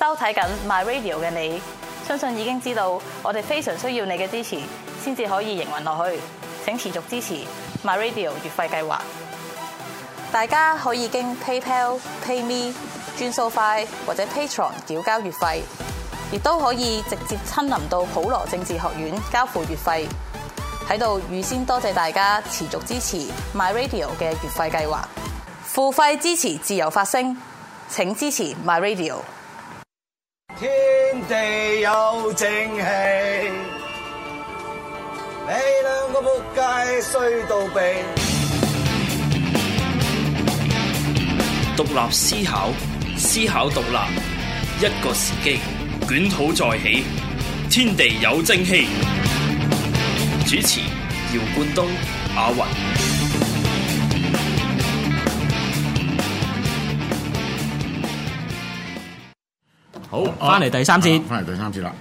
收睇緊 My Radio 嘅你，相信已經知道我哋非常需要你嘅支持，先至可以營運落去。請持續支持 My Radio 月費計劃。大家可以經 PayPal、PayMe、轉數快或者 Patreon 繳交月費，亦都可以直接親臨到普羅政治學院交付月費。喺度預先多謝大家持續支持 My Radio 嘅月費計劃。付費支持自由發聲，請支持 My Radio。天地有正氣，你兩個仆街衰到痹。獨立思考，思考獨立，一個時機，捲土再起。天地有正氣。主持：姚冠東、阿云。好，翻嚟、哦、第三節，翻嚟第三節啦。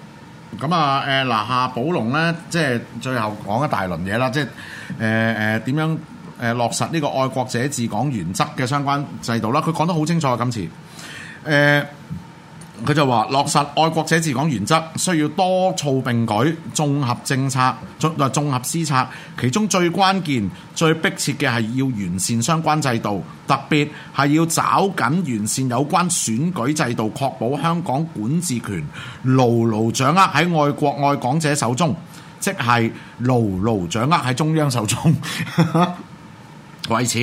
咁啊，誒、呃、嗱，夏寶龍咧，即係最後講一大輪嘢啦，即係誒誒點樣誒落實呢個愛國者治港原則嘅相關制度啦。佢講得好清楚啊，今次，誒、呃。佢就話：落實愛國者治港原則，需要多措並舉、綜合政策、綜，綜合施策。其中最關鍵、最迫切嘅係要完善相關制度，特別係要抓緊完善有關選舉制度，確保香港管治權牢牢掌握喺愛國愛港者手中，即係牢牢掌握喺中央手中。 為此，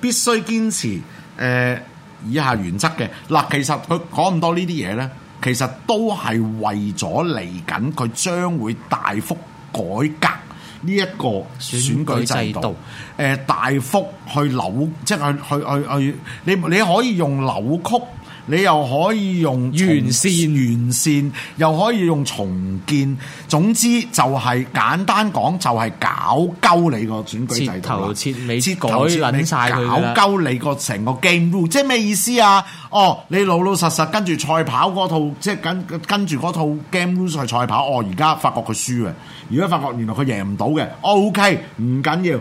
必須堅持誒。呃以下原則嘅嗱，其實佢講咁多呢啲嘢呢，其實都係為咗嚟緊佢將會大幅改革呢一個選舉制度，誒、呃、大幅去扭，即係去去去去，你你可以用扭曲。你又可以用完善完善，又可以用重建，總之就係、是、簡單講就係、是、搞鳩你個選舉制度啦，切頭切尾，搞鳩你個成個 game rule 即係咩意思啊？哦，你老老實實跟住賽跑嗰套，即係跟跟住嗰套 game rule 去賽跑，哦而家發覺佢輸嘅，而家發覺原來佢贏唔到嘅，OK 唔緊要。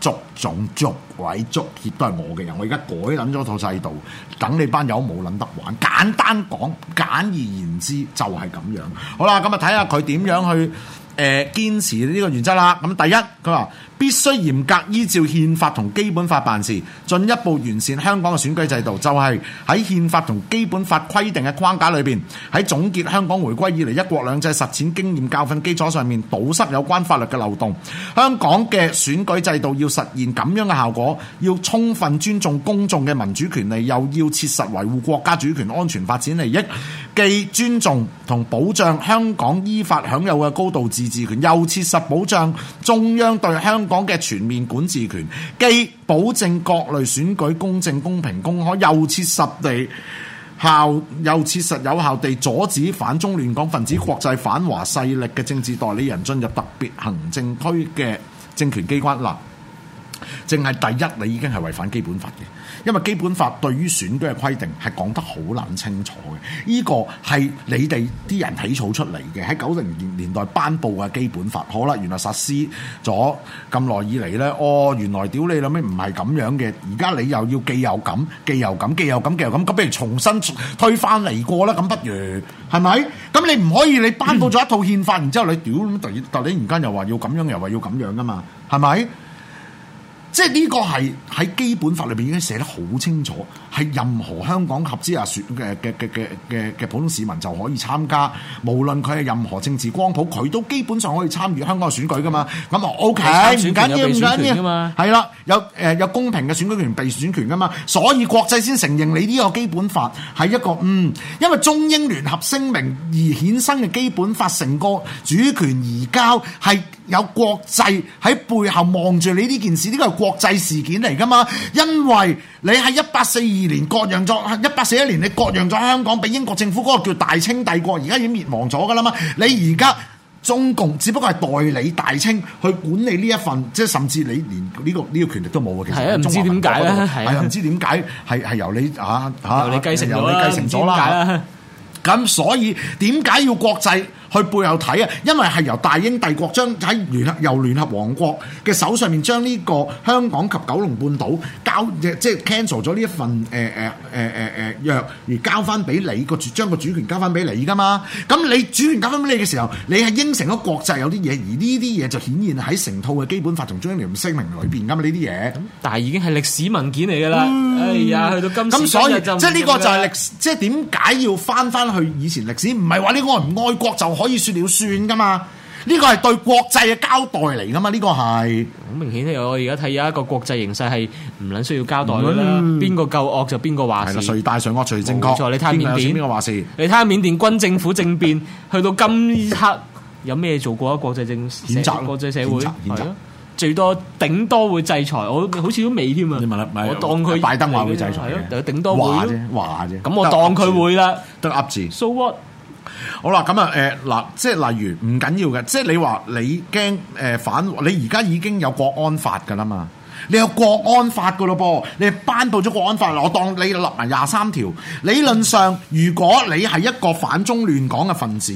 逐種逐位逐協都係我嘅人，我而家改諗咗套制度，等你班友冇諗得玩？簡單講，簡而言之就係咁樣。好啦，咁啊，睇下佢點樣去誒堅持呢個原則啦。咁第一，佢話。必須嚴格依照憲法同基本法辦事，進一步完善香港嘅選舉制度，就係喺憲法同基本法規定嘅框架裏邊，喺總結香港回歸以嚟一國兩制實踐經驗教訓基礎上面，堵塞有關法律嘅漏洞。香港嘅選舉制度要實現咁樣嘅效果，要充分尊重公眾嘅民主權利，又要切實維護國家主權、安全、發展利益。既尊重同保障香港依法享有嘅高度自治權，又切實保障中央對香港嘅全面管治權；既保證各類選舉公正、公平、公開，又切實地效又切實有效地阻止反中亂港分子、嗯、國際反華勢力嘅政治代理人進入特別行政區嘅政權機關。嗱、啊，淨係第一，你已經係違反基本法嘅。因為基本法對於選舉嘅規定係講得好難清楚嘅，呢個係你哋啲人起草出嚟嘅。喺九零年年代頒布嘅基本法，好啦，原來實施咗咁耐以嚟呢。哦，原來屌你諗咩唔係咁樣嘅，而家你又要既有咁，既有咁，既有咁，既有咁，咁不如重新推翻嚟過啦，咁不如係咪？咁你唔可以你頒布咗一套憲法，然、嗯、之後你屌突然突然間又話要咁樣，又話要咁樣噶嘛，係咪？即係呢個係喺基本法裏邊已經寫得好清楚，係任何香港合資啊選嘅嘅嘅嘅嘅普通市民就可以參加，無論佢係任何政治光譜，佢都基本上可以參與香港嘅選舉㗎嘛。咁啊，O K，唔緊要，唔緊要，唔緊要嘛，係啦，有誒有公平嘅選舉權被選權㗎嘛。所以國際先承認你呢個基本法係一個嗯，因為中英聯合聲明而衍生嘅基本法成個主權移交係有國際喺背後望住你呢件事，呢個。國際事件嚟㗎嘛？因為你喺一八四二年割讓咗，一八四一年你割讓咗香港俾英國政府嗰、嗰個叫大清帝國，而家已經滅亡咗㗎啦嘛。你而家中共只不過係代理大清去管理呢一份，即係甚至你連呢、呢個呢、呢個權力都冇啊。其實唔知點解，係又唔知點解，係係由你啊啊，啊由你繼承，啊、由你繼承咗啦。咁、啊啊、所以點解要國際去背後睇啊，因為係由大英帝國將喺聯合由聯合王國嘅手上面將呢個香港及九龍半島交即係、就是、cancel 咗呢一份誒誒誒誒誒約，而交翻俾你個主將個主權交翻俾你㗎嘛。咁你主權交翻俾你嘅時候，你係應承咗國際有啲嘢，而呢啲嘢就顯現喺成套嘅基本法同中英聯合聲明裏邊，㗎嘛。呢啲嘢，但係已經係歷史文件嚟㗎啦。嗯、哎呀，去到今時今日就咁。咁所以即係呢個就係歷史，即係點解要翻翻去以前歷史？唔係話你愛唔愛國就。可以說了算噶嘛？呢個係對國際嘅交代嚟噶嘛？呢個係好明顯，我而家睇有一個國際形勢係唔捻需要交代噶啦。邊個夠惡就邊個話事。係啦，誰大誰惡，誰正確？冇錯，你睇緬甸邊個話事？你睇下緬甸軍政府政變，去到今刻有咩做過？國際政譴責，國際社會最多頂多會制裁。我好似都未添啊！你問啦，我當佢拜登話會制裁，頂多話啫，話啫。咁我當佢會啦，得噏字。So what？好啦，咁啊，誒，嗱，即係例如唔緊要嘅，即係你話你驚誒、呃、反，你而家已經有國安法噶啦嘛，你有國安法噶咯噃，你係頒到咗國安法，我當你立埋廿三條，理論上如果你係一個反中亂港嘅分子，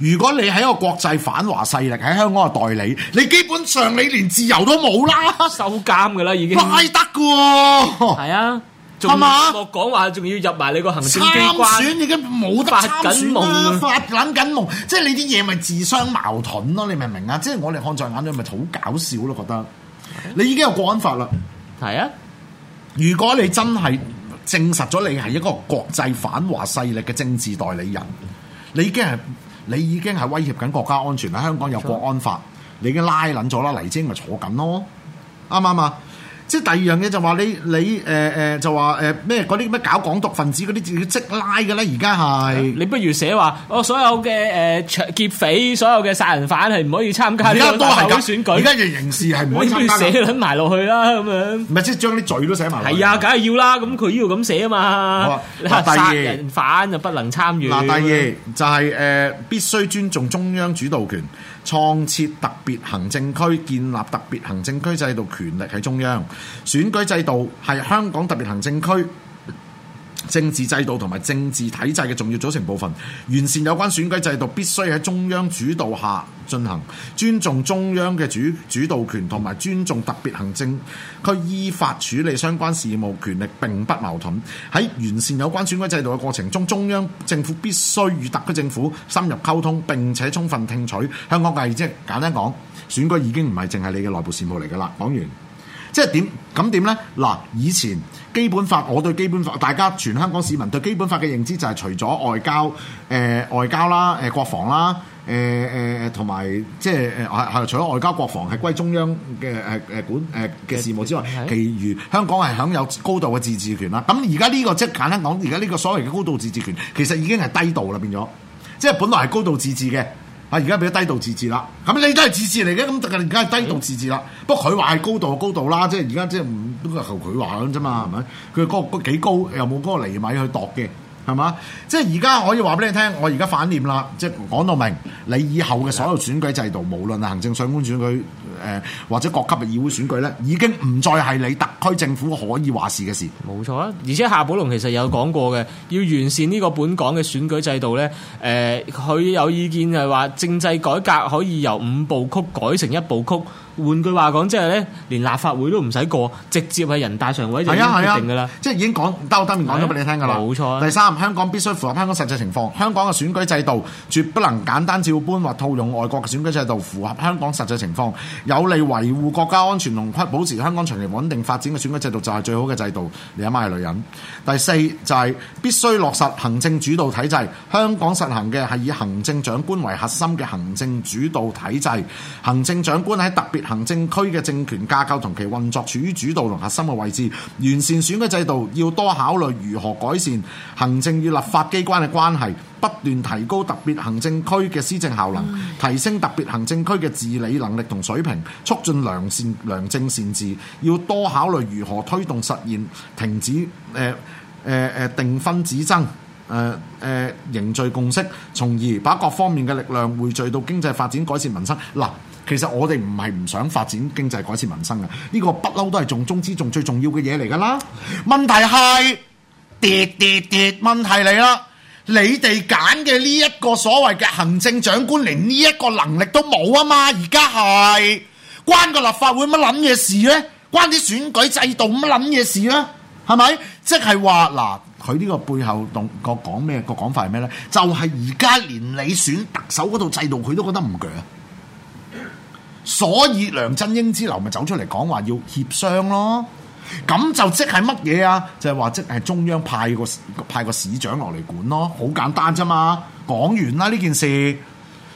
如果你係一個國際反華勢力喺香港嘅代理，你基本上你連自由都冇啦，收監噶啦已經，快得噶喎，係啊。係嘛？還吧我講話仲要入埋你個行政機關，參選你而家冇得參選啊！發緊夢啊！發諗緊夢，即係你啲嘢咪自相矛盾咯？你明唔明啊？即係我哋看在眼裏，咪好搞笑咯！覺得你已經有國安法啦，係啊！如果你真係證實咗你係一個國際反華勢力嘅政治代理人，你已經係你已經係威脅緊國家安全啦！香港有國安法，錯你已經拉撚咗啦，黎晶咪坐緊咯，啱唔啱啊？即係第二樣嘢就話你你誒誒、呃、就話誒咩嗰啲咩搞港獨分子嗰啲自即拉嘅咧，而家係你不如寫話我、哦、所有嘅誒、呃、劫匪，所有嘅殺人犯係唔可以參加呢個大會選舉，而家嘅刑事係唔可以寫撚埋落去啦咁樣。唔係即係將啲罪都寫埋。係啊，梗係要啦。咁佢要度咁寫啊嘛。嗱、嗯，殺人犯就不能參與。嗱二，第二就係、是、誒、呃、必須尊重中央主導權，創設特別行政區，建立特別行政區制度，權力喺中央。選舉制度係香港特別行政區政治制度同埋政治體制嘅重要組成部分。完善有關選舉制度，必須喺中央主導下進行，尊重中央嘅主主導權，同埋尊重特別行政區依法處理相關事務權力，並不矛盾。喺完善有關選舉制度嘅過程中，中央政府必須與特區政府深入溝通，並且充分聽取香港嘅意見。簡單講，選舉已經唔係淨係你嘅內部事務嚟噶啦。講完。即係點咁點呢？嗱，以前基本法，我對基本法，大家全香港市民對基本法嘅認知就係除咗外交、誒、呃、外交啦、誒國防啦、誒誒同埋即係誒係除咗外交國防係歸中央嘅誒誒管誒嘅事務之外，其餘香港係享有高度嘅自治權啦。咁而家呢個即係簡單講，而家呢個所謂嘅高度自治權，其實已經係低度啦變咗，即係本來係高度自治嘅。啊！而家俾低度自治啦，咁你都係自治嚟嘅，咁就而家低度自治啦。不過佢話係高度就高度啦，即係而家即係唔都係靠佢話嘅啫嘛，係咪？佢個幾高又冇嗰個厘米去度嘅。係嘛？即係而家我要話俾你聽，我而家反念啦！即係講到明，你以後嘅所有選舉制度，無論行政長官選舉、呃、或者各級嘅議會選舉咧，已經唔再係你特區政府可以話事嘅事。冇錯啊！而且夏寶龍其實有講過嘅，要完善呢個本港嘅選舉制度呢，誒、呃，佢有意見就係話政制改革可以由五步曲改成一步曲。換句話講，即係咧，連立法會都唔使過，直接係人大常委就已經決定㗎啦。即係已經講，兜兜面講咗俾你聽㗎啦。冇錯。第三，香港必須符合香港實際情況。香港嘅選舉制度絕不能簡單照搬或套用外國嘅選舉制度，符合香港實際情況，有利維護國家安全同保持香港長期穩定發展嘅選舉制度就係最好嘅制度。你阿媽係女人。第四就係必須落實行政主導體制。香港實行嘅係以行政長官為核心嘅行政主導體制。行政長官喺特別行政區嘅政權架構同其運作處於主導同核心嘅位置，完善選舉制度要多考慮如何改善行政與立法機關嘅關係，不斷提高特別行政區嘅施政效能，提升特別行政區嘅治理能力同水平，促進良善良政善治。要多考慮如何推動實現停止誒誒誒定分止爭誒誒凝聚共識，從而把各方面嘅力量匯聚到經濟發展、改善民生嗱。其實我哋唔係唔想發展經濟改善民生嘅，呢個不嬲都係重中之重最重要嘅嘢嚟噶啦。問題係跌跌跌，問題嚟啦。你哋揀嘅呢一個所謂嘅行政長官，連呢一個能力都冇啊嘛。而家係關個立法會乜諗嘢事呢？關啲選舉制度乜諗嘢事呢？係咪？即係話嗱，佢呢個背後動個講咩個講法係咩呢？就係而家連你選特首嗰度制度，佢都覺得唔強。所以梁振英之流咪走出嚟講，話要協商咯，咁就即係乜嘢啊？就係話即係中央派個派個市長落嚟管咯，好簡單啫嘛。講完啦呢件事，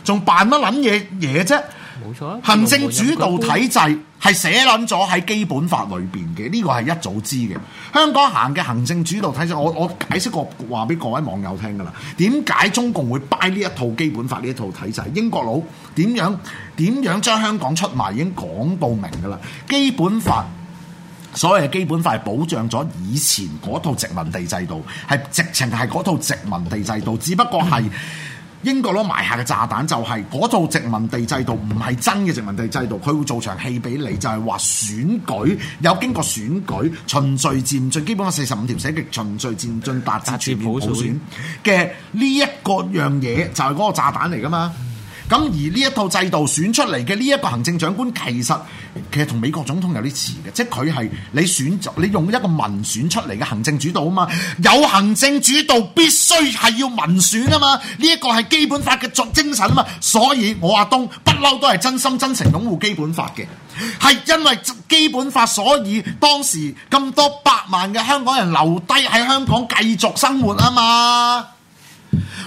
仲辦乜撚嘢嘢啫？冇錯，行政主導體制係寫撚咗喺基本法裏邊嘅，呢個係一早知嘅。香港行嘅行政主導體制，我我解釋過話俾各位網友聽㗎啦。點解中共會 buy 呢一套基本法呢一套體制？英國佬點樣點樣將香港出賣已經講到明㗎啦。基本法，所謂基本法係保障咗以前嗰套殖民地制度，係直情係嗰套殖民地制度，只不過係。英國攞埋下嘅炸彈就係嗰套殖民地制度，唔係真嘅殖民地制度，佢會做場戲俾你，就係、是、話選舉有經過選舉循序漸進，基本法四十五條寫極循序漸進達至全面普選嘅呢一個樣嘢，就係嗰個炸彈嚟噶嘛。咁而呢一套制度選出嚟嘅呢一個行政長官其，其實其實同美國總統有啲似嘅，即係佢係你選你用一個民選出嚟嘅行政主導啊嘛，有行政主導必須係要民選啊嘛，呢、這、一個係基本法嘅作精神啊嘛，所以我阿東不嬲都係真心真誠擁護基本法嘅，係因為基本法，所以當時咁多百萬嘅香港人留低喺香港繼續生活啊嘛。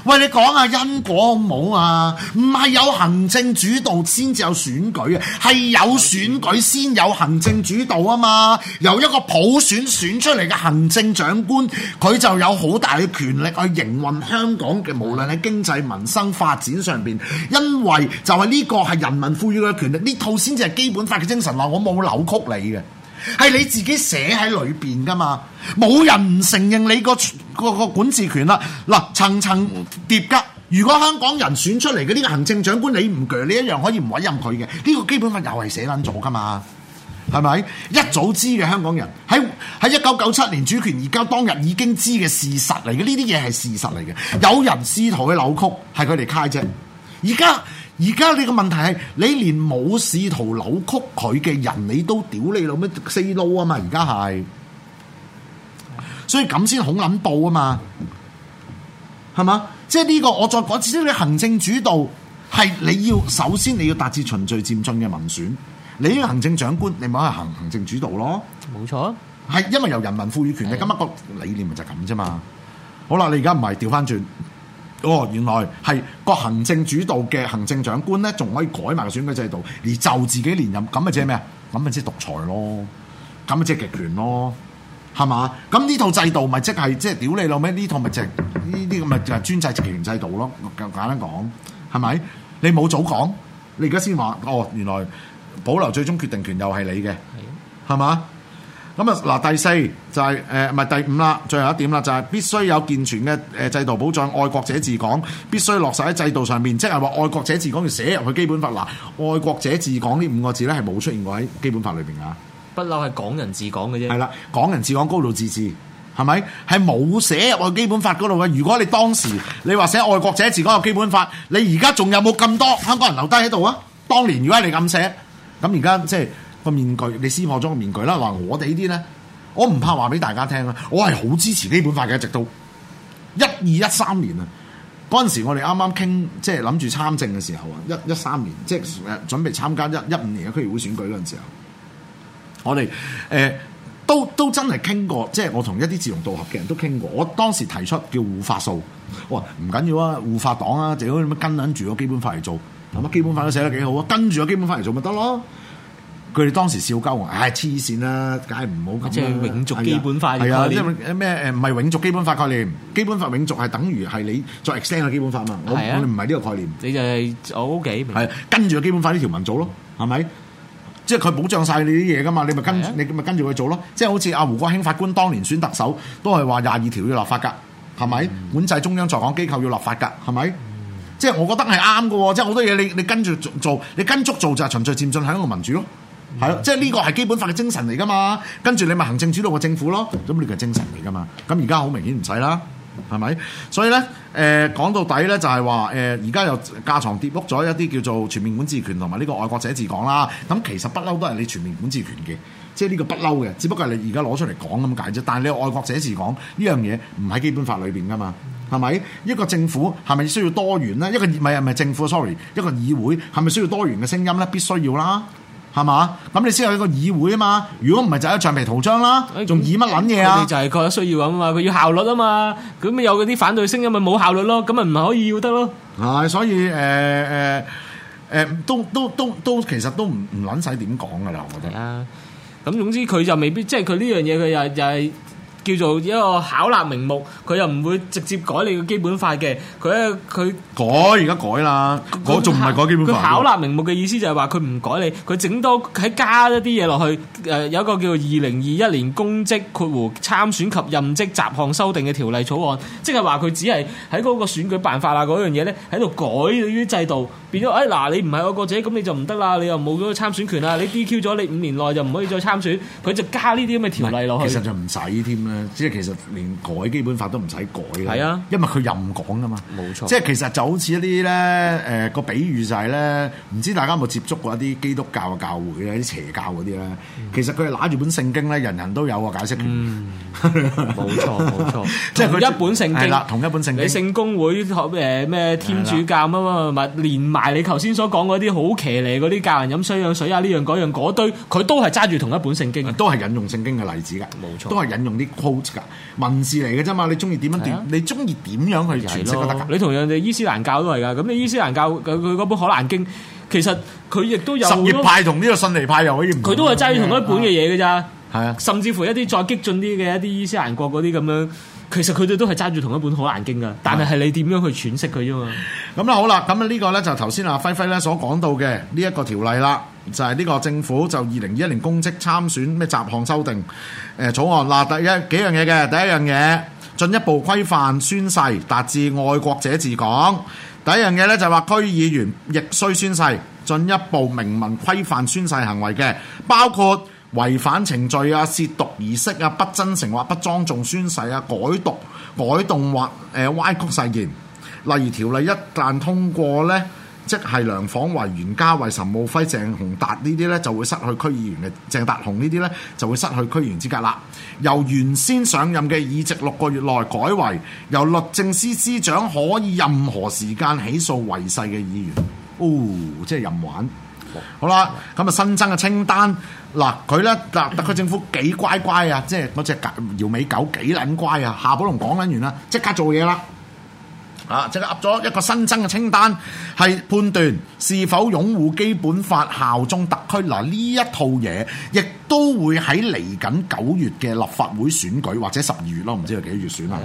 喂，你講下啊，因果好唔好啊？唔係有行政主導先至有選舉啊，係有選舉先有行政主導啊嘛。由一個普選選出嚟嘅行政長官，佢就有好大嘅權力去營運香港嘅，無論喺經濟民生發展上邊。因為就係呢個係人民賦予嘅權力，呢套先至係基本法嘅精神咯。我冇扭曲你嘅。係你自己寫喺裏邊噶嘛，冇人唔承認你個個管治權啦。嗱，層層疊疊。如果香港人選出嚟嘅呢個行政長官，你唔鋸，你一樣可以唔委任佢嘅。呢個基本法又係寫捻咗噶嘛，係咪？一早知嘅香港人喺喺一九九七年主權移交當日已經知嘅事實嚟嘅，呢啲嘢係事實嚟嘅。有人試圖去扭曲，係佢哋揩啫。而家。而家你嘅問題係，你連冇試圖扭曲佢嘅人，你都屌你老咩四佬啊嘛！而家係，所以咁先好諗到啊嘛，係嘛？即係呢個我再講次，即你行政主導係你要首先你要達至循序漸進嘅民選，你呢個行政長官，你咪可以行行政主導咯。冇錯，係因為由人民賦予權力，的今啊個理念咪就係咁啫嘛。好啦，你而家唔係調翻轉。哦，原來係個行政主導嘅行政長官咧，仲可以改埋個選舉制度，而就自己連任，咁咪即係咩啊？咁咪即係獨裁咯，咁咪即係極權咯，係嘛？咁呢套制度咪即係即係屌你老味？呢套咪即係呢啲咁咪就係、是、專制極權制度咯。簡單講，係咪？你冇早講，你而家先話哦，原來保留最終決定權又係你嘅，係嘛？咁啊，嗱第四就係誒，唔係第五啦，最後一點啦，就係、是、必須有健全嘅誒制度保障愛國者治港，必須落實喺制度上面，即係話愛國者治港要寫入去基本法嗱。愛國者治港呢五個字咧，係冇出現過喺基本法裏邊㗎。不嬲係港人治港嘅啫。係啦，港人治港高度自治，係咪係冇寫入去基本法嗰度嘅？如果你當時你話寫愛國者治港嘅基本法，你而家仲有冇咁多香港人留低喺度啊？當年如果你咁寫，咁而家即係。就是個面具，你撕破咗個面具啦。嗱，我哋呢啲咧，我唔怕話俾大家聽啦，我係好支持基本法嘅，一直都。一二一三年啊。嗰陣時我哋啱啱傾，即係諗住參政嘅時候啊，一一三年，即係準備參加一一五年嘅區議會選舉嗰陣時候，我哋誒都都真係傾過，即係我同一啲志同道合嘅人都傾過。我當時提出叫護法數，哇唔緊要啊，護法黨啊，就要咁樣跟撚住個基本法嚟做，咁啊基本法都寫得幾好啊，跟住個基本法嚟做咪得咯。佢哋當時笑鳩我，唉黐線啦，梗係唔好咁樣。即係永續基本法概念。啊，啊，即係咩誒？唔係永續基本法概念，基本法永續係等於係你再 extend 嘅基本法嘛。係啊。我哋唔係呢個概念。你就係 OK。係、啊、跟住個基本法呢條文做咯，係咪、嗯？吧即係佢保障晒你啲嘢噶嘛？你咪跟，啊、你咪跟住佢做咯。即係好似阿胡國興法官當年選特首，都係話廿二條要立法噶，係咪？嗯、管制中央在港機構要立法噶，係咪？嗯、即係我覺得係啱嘅喎，即係好多嘢你你跟住做，你跟足做就循序漸進喺一個民主咯。係咯，即係呢個係基本法嘅精神嚟㗎嘛。跟住你咪行政主導個政府咯，咁呢個精神嚟㗎嘛。咁而家好明顯唔使啦，係咪？所以咧，誒、呃、講到底咧，就係話誒而家又架床疊屋咗一啲叫做全面管治權同埋呢個愛國者治港啦。咁其實不嬲都係你全面管治權嘅，即係呢個不嬲嘅，只不過係你而家攞出嚟講咁解啫。但係你愛國者治港呢樣嘢唔喺基本法裏邊㗎嘛，係咪？一個政府係咪需要多元咧？一個唔係唔係政府，sorry，一個議會係咪需要多元嘅聲音咧？必須要啦。係嘛？咁你先有一個議會啊嘛！如果唔係就喺橡皮圖章啦，仲議乜撚嘢啊？佢哋就係覺得需要啊嘛！佢要效率啊嘛！咁咪有嗰啲反對聲音咪冇效率咯，咁咪唔可以要得咯。係，所以誒誒誒，都都都都其實都唔唔撚使點講噶啦，我覺得。啊。咁總之佢就未必，即係佢呢樣嘢，佢又又係叫做一個巧立名目，佢又唔會直接改你嘅基本法嘅。佢佢。改而家改啦，改仲唔係改基本法？佢巧立名目嘅意思就係話佢唔改你，佢整多喺加一啲嘢落去。誒、呃、有一個叫做二零二一年公職括弧參選及任職雜項修訂嘅條例草案，即係話佢只係喺嗰個選舉辦法啊嗰樣嘢咧喺度改呢啲制度，變咗誒，嗱你唔係我個仔，咁你就唔得啦，你，個你，你又冇咗參選權啦，你 DQ 咗你五年內就唔可以再參選，佢就加呢啲咁嘅條例落去。其實就唔使添啦，即係其實連改基本法都唔使改啦。係啊，因為佢任講㗎嘛，冇錯，即係其實就。好似一啲咧誒個比喻就係咧，唔知大家有冇接觸過一啲基督教嘅教會咧，啲邪教嗰啲咧，其實佢揦住本聖經咧，人人都有啊解釋。冇錯冇錯，即係佢一本聖經啦，同一本聖經。你聖公會誒咩天主教啊嘛嘛，連埋你頭先所講嗰啲好騎呢嗰啲教人飲水、雙氧水啊呢樣嗰樣嗰堆，佢都係揸住同一本聖經，都係引用聖經嘅例子㗎，冇錯，都係引用啲 quote 㗎文字嚟嘅啫嘛，你中意點樣？你中意點樣去詮釋都得㗎。你同人哋伊斯蘭教都嚟噶，咁你伊斯蘭教佢嗰本《可蘭經》，其實佢亦都有。什葉派同呢個遜尼派又可以同。唔，佢都係揸住同一本嘅嘢噶咋，係啊，甚至乎一啲再激進啲嘅一啲伊斯蘭國嗰啲咁樣，其實佢哋都係揸住同一本《可蘭經》噶，但係係你點樣去詮釋佢啫嘛。咁啦，啊嗯嗯，好啦，咁呢個咧就頭先阿輝輝咧所講到嘅呢一個條例啦，就係、是、呢個政府就二零二一年公職參選咩雜項修訂誒、呃、草案，拿第一幾樣嘢嘅第一樣嘢。進一步規範宣誓，達至愛國者治港。第一樣嘢咧就係話區議員亦需宣誓，進一步明文規範宣誓行為嘅，包括違反程序啊、褻瀆儀式啊、不真誠或不莊重宣誓啊、改讀改動或誒、呃、歪曲誓言。例如條例一旦通過咧，呢即係梁晃維、袁嘉蔚、岑敖暉、鄭達鴻呢啲咧就會失去區議員嘅鄭達鴻呢啲咧就會失去區議員資格啦。由原先上任嘅議席六個月內改為由律政司司長可以任何時間起訴違誓嘅議員。哦，即係任玩。好啦，咁啊新增嘅清單嗱，佢咧特、特區政府幾乖乖啊，即係嗰隻搖尾狗幾撚乖啊。夏寶龍講緊完啦，即刻做嘢啦。啊！即係入咗一個新增嘅清單，係判斷是否擁護基本法效忠特區。嗱，呢一套嘢，亦都會喺嚟緊九月嘅立法會選舉或者十二月咯，唔知佢幾月選啦？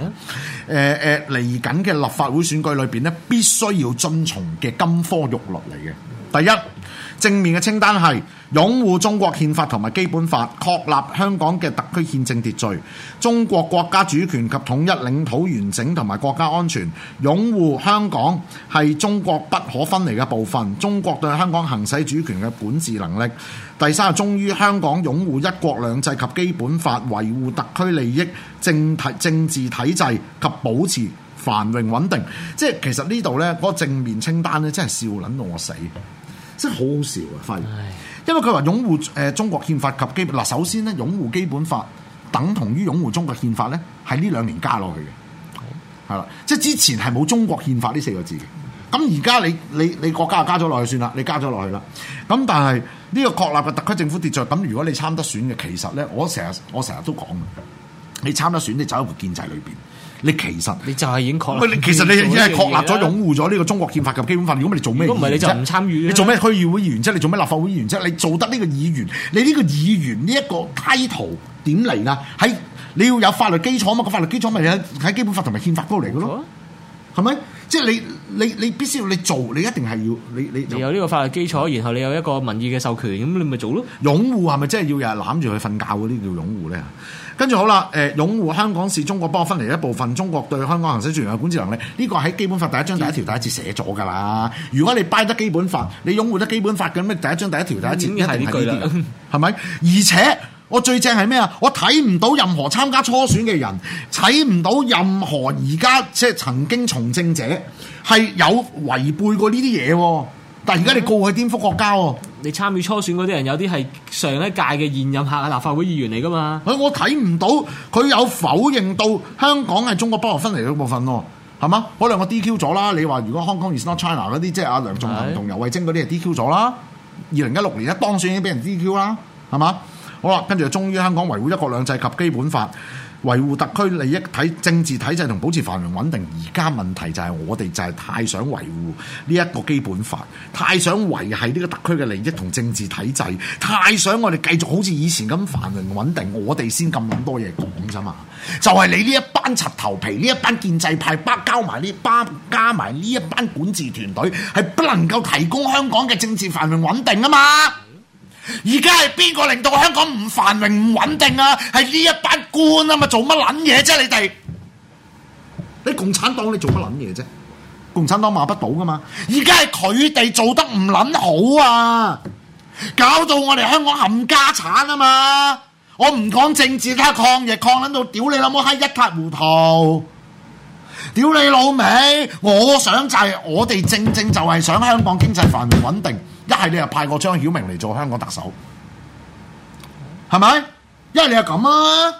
嚟緊嘅立法會選舉裏邊咧，必須要遵從嘅金科玉律嚟嘅，第一。正面嘅清單係擁護中國憲法同埋基本法，確立香港嘅特區憲政秩序；中國國家主權及統一領土完整同埋國家安全；擁護香港係中國不可分離嘅部分；中國對香港行使主權嘅管治能力。第三係忠於香港，擁護一國兩制及基本法，維護特區利益、政體、政治體制及保持繁榮穩定。即係其實呢度呢嗰個正面清單呢，真係笑撚到我死。即係好好笑啊！發現，因為佢話擁護誒中國憲法及基本法嗱，首先咧擁護基本法等同於擁護中國憲法咧，喺呢兩年加落去嘅，係啦，即係之前係冇中國憲法呢四個字嘅，咁而家你你你國家加咗落去算啦，你加咗落去啦，咁但係呢個確立嘅特區政府秩序，咁如果你參得選嘅，其實咧，我成日我成日都講嘅，你參得選，你走入個建制裏邊。你其實你就係已經確立其實你已經係確立咗擁護咗呢個中國憲法及基本法。如果你做咩？如果唔係你就唔參與你做咩區議會議員啫？你做咩立法會議員啫？你做得呢個議員？你呢個議員、這個、le, 呢一個 title 點嚟啦？喺你要有法律基礎啊嘛！個法律基礎咪喺基本法同埋憲法嗰度嚟咯，係咪冇錯？即係你你你必須要你做，你一定係要你你有呢個法律基礎，然後你有一個民意嘅授權，咁你咪做咯。擁護係咪真係要日日攬住佢瞓覺嗰啲叫擁護咧？跟住好啦，誒擁護香港是中國波分離一部分，中國對香港行使專有管治能力，呢個喺基本法第一章第一條第一節寫咗㗎啦。如果你 buy 得基本法，你擁護得基本法嘅，咁咩第一章第一條第一節一定係呢句，係咪？而且。我最正係咩啊？我睇唔到任何參加初選嘅人，睇唔到任何而家即係曾經從政者係有違背過呢啲嘢喎。但係而家你告佢顛覆國家喎、嗯。你參與初選嗰啲人有啲係上一屆嘅現任下立法會議員嚟㗎嘛？我我睇唔到佢有否認到香港係中國不合分離嘅部分咯，係嘛？可能我 DQ 咗啦。你話如果 Hong Kong is not China 嗰啲，即係阿梁頌恆同游蕙禎嗰啲係 DQ 咗啦。二零一六年一當選已經俾人 DQ 啦，係嘛？好啦，跟住就終於香港維護一國兩制及基本法，維護特區利益體、體政治體制同保持繁榮穩定。而家問題就係我哋就係太想維護呢一個基本法，太想維繫呢個特區嘅利益同政治體制，太想我哋繼續好似以前咁繁榮穩定，我哋先咁諗多嘢講咋嘛。就係、是、你呢一班柒頭皮、呢一班建制派、班交埋呢班加埋呢一班管治團隊，係不能夠提供香港嘅政治繁榮穩定啊嘛！而家係邊個令到香港唔繁榮唔穩定啊？係呢一班官啊嘛，做乜捻嘢啫？你哋，你共產黨你做乜捻嘢啫？共產黨罵不到噶嘛？而家係佢哋做得唔捻好啊，搞到我哋香港冚家鏟啊嘛！我唔講政治，而家抗疫抗捻到屌你老母閪一塌糊塗，屌你老味。我想就係、是、我哋正正就係想香港經濟繁榮穩定。一係你又派個張曉明嚟做香港特首，係咪、嗯？一係你又咁啊，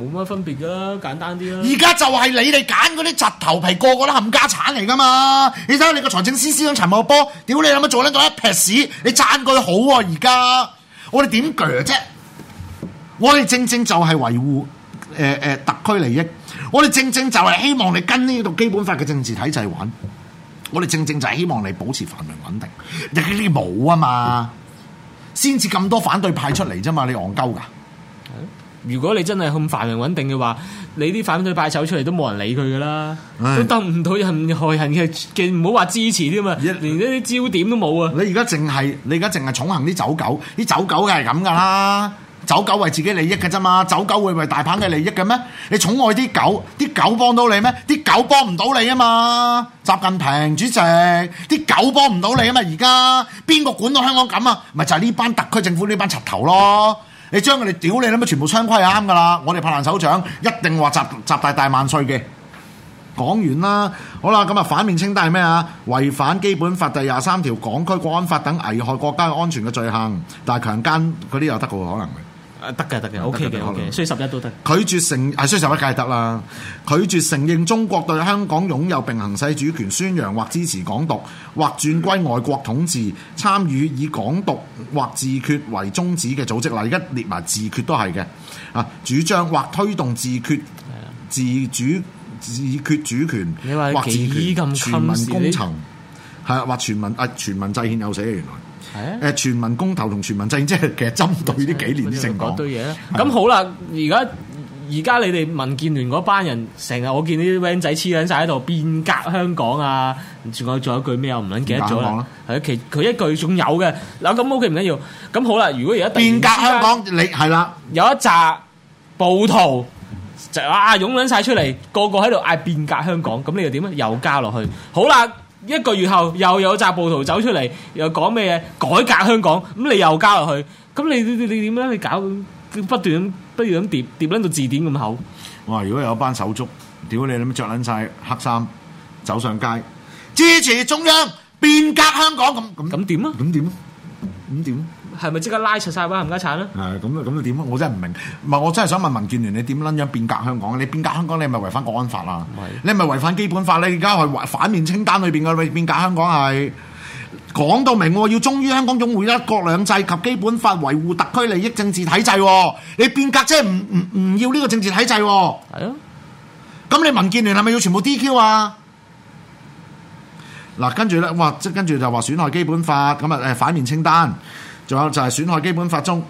冇乜分別噶，簡單啲啦、啊。而家就係你哋揀嗰啲賊頭皮，個個都冚家鏟嚟噶嘛。你睇下你個財政司司長陳茂波，屌你阿媽做捻到一撇屎，你讚佢好啊！而家我哋點鋸啫？我哋正正就係維護誒誒、呃呃、特區利益，我哋正正,正正就係希望你跟呢度基本法嘅政治體制玩。我哋正正就係希望你保持繁榮穩定，你啲冇啊嘛，先至咁多反對派出嚟啫嘛，你戇鳩噶？如果你真係咁繁榮穩定嘅話，你啲反對派走出嚟都冇人理佢噶啦，嗯、都得唔到任何人害人嘅嘅，唔好話支持添嘛，嗯、連呢啲焦點都冇啊！你而家淨係你而家淨係寵幸啲走狗，啲走狗梗係咁噶啦。走狗為自己利益嘅啫嘛，走狗會為大棒嘅利益嘅咩？你寵愛啲狗，啲狗幫到你咩？啲狗幫唔到你啊嘛！習近平主席，啲狗幫唔到你啊嘛！而家邊個管到香港咁啊？咪就係呢班特區政府呢班柒頭咯！你將佢哋屌你啱全部槍斃係啱噶啦！我哋拍爛手掌，一定話習習大大萬歲嘅。講完啦，好啦，咁啊反面清單係咩啊？違反基本法第廿三條、港區國安法等危害國家安全嘅罪行，但係強奸嗰啲又得嘅可能。得嘅，得嘅，O K 嘅，O K，衰十一都得。拒絕承，啊衰十一梗係得啦。拒絕承認中國對香港擁有並行使主權，宣揚或支持港獨，或轉歸外國統治，參與以港獨或自決為宗旨嘅組織，啊，而家列埋自決都係嘅。啊，主張或推動自決、自主、自決主權，的或子咁侵蝕，係啊，或全民，啊，全民制憲有寫原來。誒，全民公投同全民政制，即係其實針對呢幾年啲成講堆嘢啦。咁好啦，而家而家你哋民建聯嗰班人成日，我見啲 van 仔黐捻晒喺度變革香港啊！仲有仲有句咩啊？唔捻記得咗啦。係其佢一句仲有嘅。嗱咁 OK，唔緊要。咁好啦，如果而家變革香港，你係啦，有一扎暴徒就哇湧捻晒出嚟，個個喺度嗌變革香港，咁你又點樣？又加落去，好啦。一個月後又有扎暴徒走出嚟，又講咩嘢改革香港，咁、嗯、你又交落去，咁、嗯、你你你點樣去搞？你不斷不斷咁疊疊撚到字典咁厚。我話如果有班手足，屌你諗着撚晒黑衫走上街，支持中央變革香港，咁咁點啊？咁點、啊？咁、嗯、點？係咪即刻拉出晒啲冚家鏟咧？係咁咁又點咧？我真係唔明。唔係我真係想問民建聯，你點撚樣變革香港？你變革香港，你係咪違反國安法啊？係是。你係咪違反基本法咧？而家係反面清單裏邊嘅，你變革香港係講到明喎，要忠於香港，擁護一國兩制及基本法，維護特區利益、政治體制。你變革即係唔唔唔要呢個政治體制喎。係咁、啊，你民建聯係咪要全部 DQ 啊？嗱、啊，跟住咧，哇！即跟住就話損害基本法，咁啊誒反面清單。仲有就係損害基本法中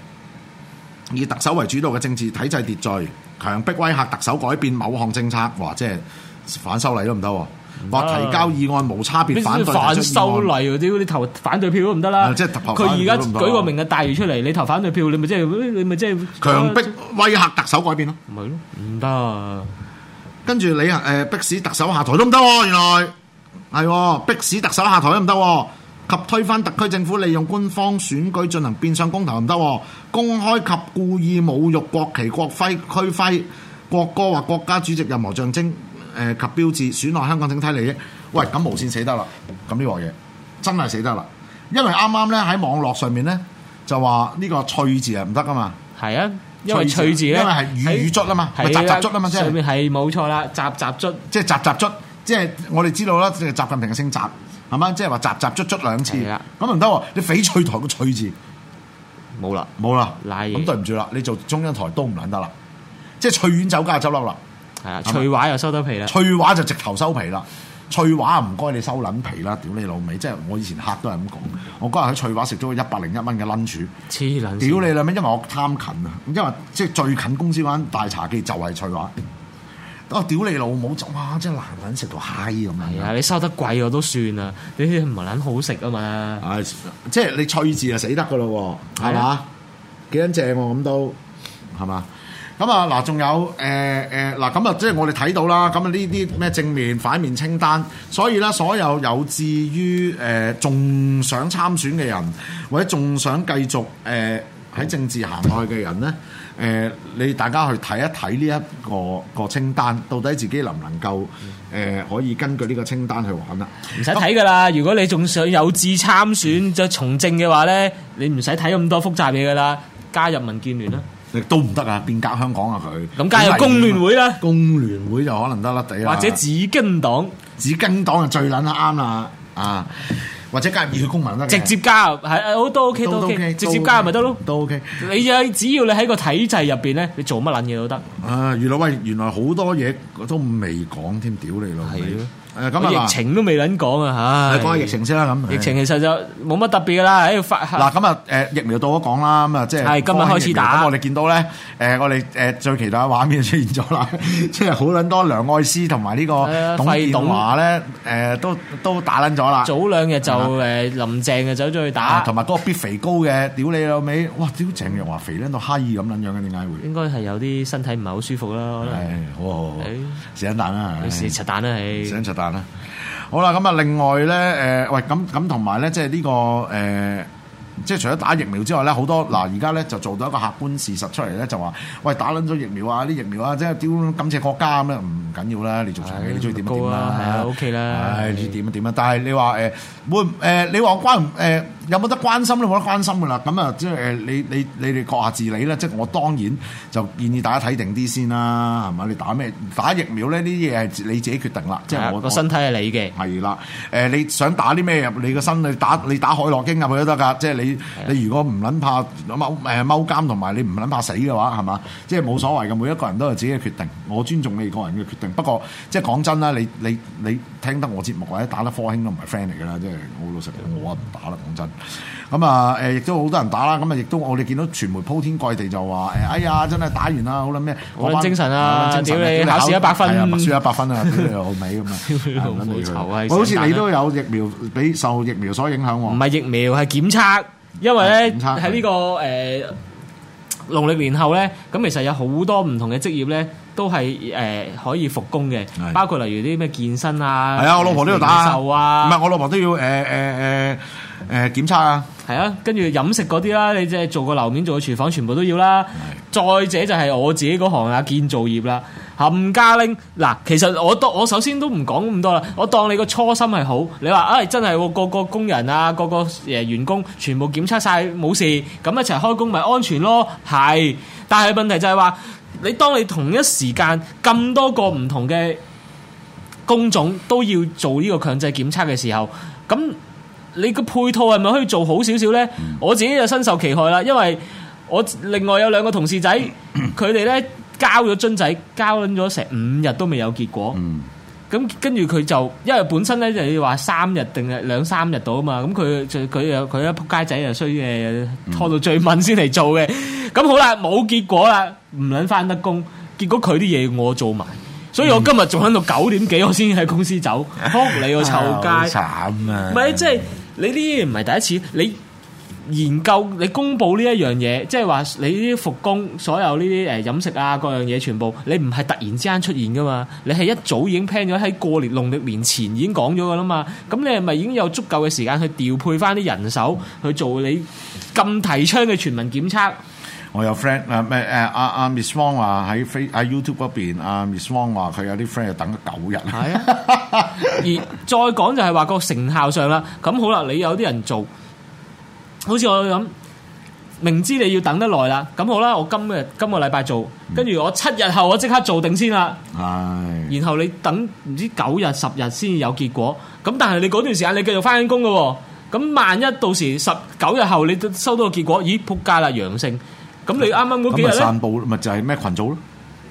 以特首為主導嘅政治體制秩序，強迫威嚇特首改變某項政策，話即係反修例都唔得，話行提交議案無差別反反修例，啲嗰啲投反對票都唔得啦。佢而家舉個名嘅大義出嚟，嗯、你投反對票你、即係，你咪即係你咪即係強迫威嚇特首改變咯。唔係咯，唔得、啊。跟住你誒呃、逼使特首下台都唔得喎，原來係逼使特首下台都唔得喎。及推翻特區政府利用官方選舉進行變相公投唔得，公開及故意侮辱國旗、國徽、區徽、國歌或國家主席任何象徵誒及標誌，損害香港整體利益。喂，咁無線死得啦！咁呢個嘢真係死得啦！因為啱啱咧喺網絡上面咧就話呢、呢個翠字啊唔得噶嘛，係啊，因為翠字咧，因為係羽卒啊嘛，咪習習卒啊嘛，即係係冇錯啦，習習卒，即係習習卒，即係我哋知道啦，即係習近平嘅姓「習」。係咪？即係話集集捉捉兩次，咁唔得喎！你翡翠台個翠字冇啦，冇啦，咁乃對唔住啦！你做中央台都唔捻得啦，即係翠苑酒家就執笠啦，翠華又收得皮啦，翠華就直頭收皮啦，翠華唔該你收捻皮啦！屌你老味。即係我以前客都係咁講，我嗰日喺翠華食咗一百零一蚊嘅 lunch，黐捻！屌你啦咩？因為我貪近啊，因為即係最近公司嗰間大茶記就係翠華。哦、啊，屌你老母！就、啊、哇，真係男人食到嗨咁樣！你收得貴我都算啦，你唔係撚好食啊嘛！脆脆啊，啊呃呃呃呃呃呃、即係你脆字就死得噶咯喎，係嘛？幾撚正喎咁都係嘛？咁啊嗱，仲有誒誒嗱，咁啊即係我哋睇到啦，咁啊呢啲咩正面反面清單，所以咧所有有志於誒仲、呃、想參選嘅人，或者仲想繼續誒喺、呃、政治行落去嘅人咧。誒，你大家去睇一睇呢一個個清單，到底自己能唔能夠誒、呃、可以根據呢個清單去玩啦？唔使睇噶啦， 如果你仲想有志參選再從政嘅話咧，你唔使睇咁多複雜嘢噶啦，加入民建聯啦。你都唔得啊，變革香港啊佢。咁加入是工聯會啦，工聯會就可能得甩地啦。或者紫荊黨，紫荊黨就最撚啱啦啊！或者加入血功能啦，直接加入係，啊好多 OK 都 OK，直接加入咪得咯，都 OK。你只要你喺個體制入邊咧，你做乜撚嘢都得。啊，原來喂，原來好多嘢我都未講添，屌你老味。個疫情都未撚講啊！嚇，講下疫情先啦。咁疫情其實就冇乜特別㗎啦。喺度發嗱咁啊！誒疫苗到咗講啦。咁啊，即係係今日開始打。咁我哋見到咧，誒我哋誒最期待嘅畫面出現咗啦。即係好撚多梁愛詩同埋呢個董建華咧，誒都都打撚咗啦。早兩日就誒林鄭啊走咗去打，同埋嗰個必肥高嘅，屌你老味！哇，屌鄭若驊肥到閪咁撚樣嘅點解會？應該係有啲身體唔係好舒服啦。可能係好好好，屎蛋啦嚇，蛋啦，係好啦，好啦，咁啊，另外咧，誒，喂，咁咁同埋咧，即係呢個誒，即係除咗打疫苗之外咧，好多嗱，而家咧就做到一個客觀事實出嚟咧，就話喂，打捻咗疫苗啊，啲疫苗啊，即係屌感謝國家咁樣，唔緊要啦，你做長嘅，你中意點啊點啦，係啊，OK 啦，中意點啊點啊，但係你話誒，會誒，你話關唔誒？有冇得關心都冇得關心噶啦。咁啊，即係誒你你你哋各下自理咧，即係我當然就建議大家睇定啲先啦，係嘛？你打咩打疫苗咧？呢啲嘢係你自己決定啦。即係我個身體係你嘅。係啦，誒你想打啲咩入你個身你打你打海洛因入去都得㗎。即係你你如果唔撚怕踎踎監同埋你唔撚怕死嘅話，係嘛？即係冇所謂嘅。每一個人都有自己嘅決定，我尊重你個人嘅決定。不過即係講真啦，你你你聽得我節目或者打得科興都唔係 friend 嚟㗎啦。即係好老實，我啊唔打啦，講真。咁啊，誒，亦都好多人打啦。咁啊，亦都我哋見到傳媒鋪天蓋地就話，誒，哎呀，真係打完啦，好撚咩，好撚精神啊，屌你考試一百分，輸一百分啊，屌你老味咁啊，冇啊。好似你都有疫苗，俾受疫苗所影響喎。唔係疫苗，係檢測，因為咧喺呢個誒農曆年後咧，咁其實有好多唔同嘅職業咧，都係誒可以復工嘅，包括例如啲咩健身啊，係啊，我老婆都要打啊，唔係我老婆都要誒誒誒。誒，檢測、呃、啊，係啊，跟住飲食嗰啲啦，你即係做個樓面，做個廚房，全部都要啦。係嘅。再者就係我自己嗰行啊，建造業啦，冚家拎。嗱，其實我都我首先都唔講咁多啦，我當你個初心係好，你話誒、哎、真係個、哦、個工人啊，個個誒員工全部檢測晒冇事，咁一齊開工咪安全咯。係，但係問題就係話，你當你同一時間咁多個唔同嘅工種都要做呢個強制檢測嘅時候，咁。你個配套係咪可以做好少少咧？嗯、我自己就深受其害啦，因為我另外有兩個同事仔，佢哋咧，交咗樽仔，交咗成五日都未有結果。咁、嗯、跟住佢就，因為本身咧就要話三日定係兩三日到啊嘛。咁佢就佢又佢一仆街仔又衰嘅，拖到最晚先嚟做嘅。咁好啦，冇結果啦，唔捻翻得工。結果佢啲嘢我做埋。所以我今日仲喺度九點幾，我先喺公司走，扑你個臭街！慘啊！唔係，即係你呢啲唔係第一次。你研究，你公布呢一樣嘢，即係話你呢啲復工，所有呢啲誒飲食啊各樣嘢，全部你唔係突然之間出現噶嘛？你係一早已經 plan 咗喺過年農曆年前已經講咗噶啦嘛？咁你係咪已經有足夠嘅時間去調配翻啲人手去做你咁提倡嘅全民檢測？我有 friend，誒誒阿阿 Miss Wong 話喺 Face 喺 YouTube 嗰邊，阿 Miss Wong 話佢有啲 friend 要等咗九日。係啊， 而再講就係話個成效上啦，咁好啦，你有啲人做，好似我咁，明知你要等得耐啦，咁好啦，我今嘅今個禮拜做，跟住我七日後我即刻做定先啦。係， 然後你等唔知九日十日先有結果，咁但係你嗰段時間你繼續翻緊工嘅喎，咁萬一到時十九日後你都收到個結果，咦，仆街啦，陽性。咁你啱啱嗰幾日散步咪就係、是、咩群組咯，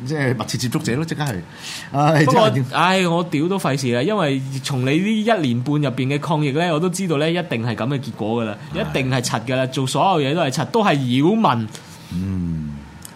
即係密切接觸者咯，即刻係。唉、哎 哎，我屌都費事啦，因為從你呢一年半入邊嘅抗疫咧，我都知道咧，一定係咁嘅結果噶啦，哎、一定係柒噶啦，做所有嘢都係柒，都係擾民。嗯。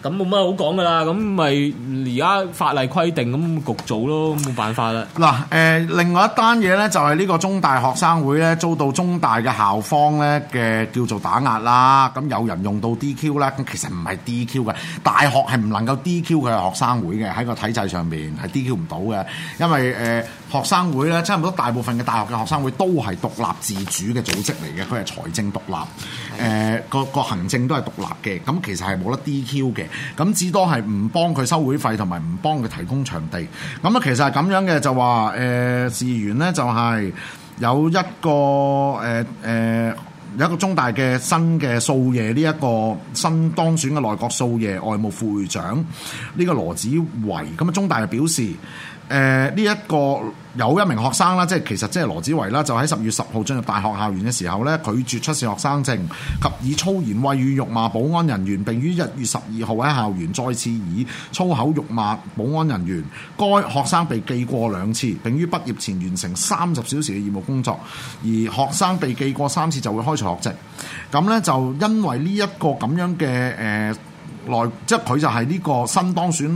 咁冇乜好講噶啦，咁咪而家法例規定咁局組咯，冇辦法啦。嗱，誒另外一單嘢咧，就係呢個中大學生會咧遭到中大嘅校方咧嘅叫做打壓啦。咁有人用到 DQ 啦，咁其實唔係 DQ 嘅，大學係唔能夠 DQ 佢學生會嘅，喺個體制上面係 DQ 唔到嘅，因為誒學生會咧，差唔多大部分嘅大學嘅學生會都係獨立自主嘅組織嚟嘅，佢係財政獨立，誒個個行政都係獨立嘅，咁其實係冇得 DQ 嘅。咁至多係唔幫佢收會費同埋唔幫佢提供場地。咁啊，其實係咁樣嘅，就話誒、呃，事源呢就係、係、有一個誒誒、呃呃、有一個中大嘅新嘅朔夜呢一個新當選嘅內閣朔夜外務副會長呢、呢個羅子維。咁啊，中大就表示。誒呢、呃、一個有一名學生啦，即係其實即係羅子維啦，就喺十月十號進入大學校園嘅時候咧，拒絕出示學生證及以粗言穢語辱罵保安人員，並於一月十二號喺校園再次以粗口辱罵保安人員。該學生被記過兩次，並於畢業前完成三十小時嘅業務工作。而學生被記過三次就會開除學籍。咁咧就因為呢一個咁樣嘅誒。呃內即係佢就係呢個新當選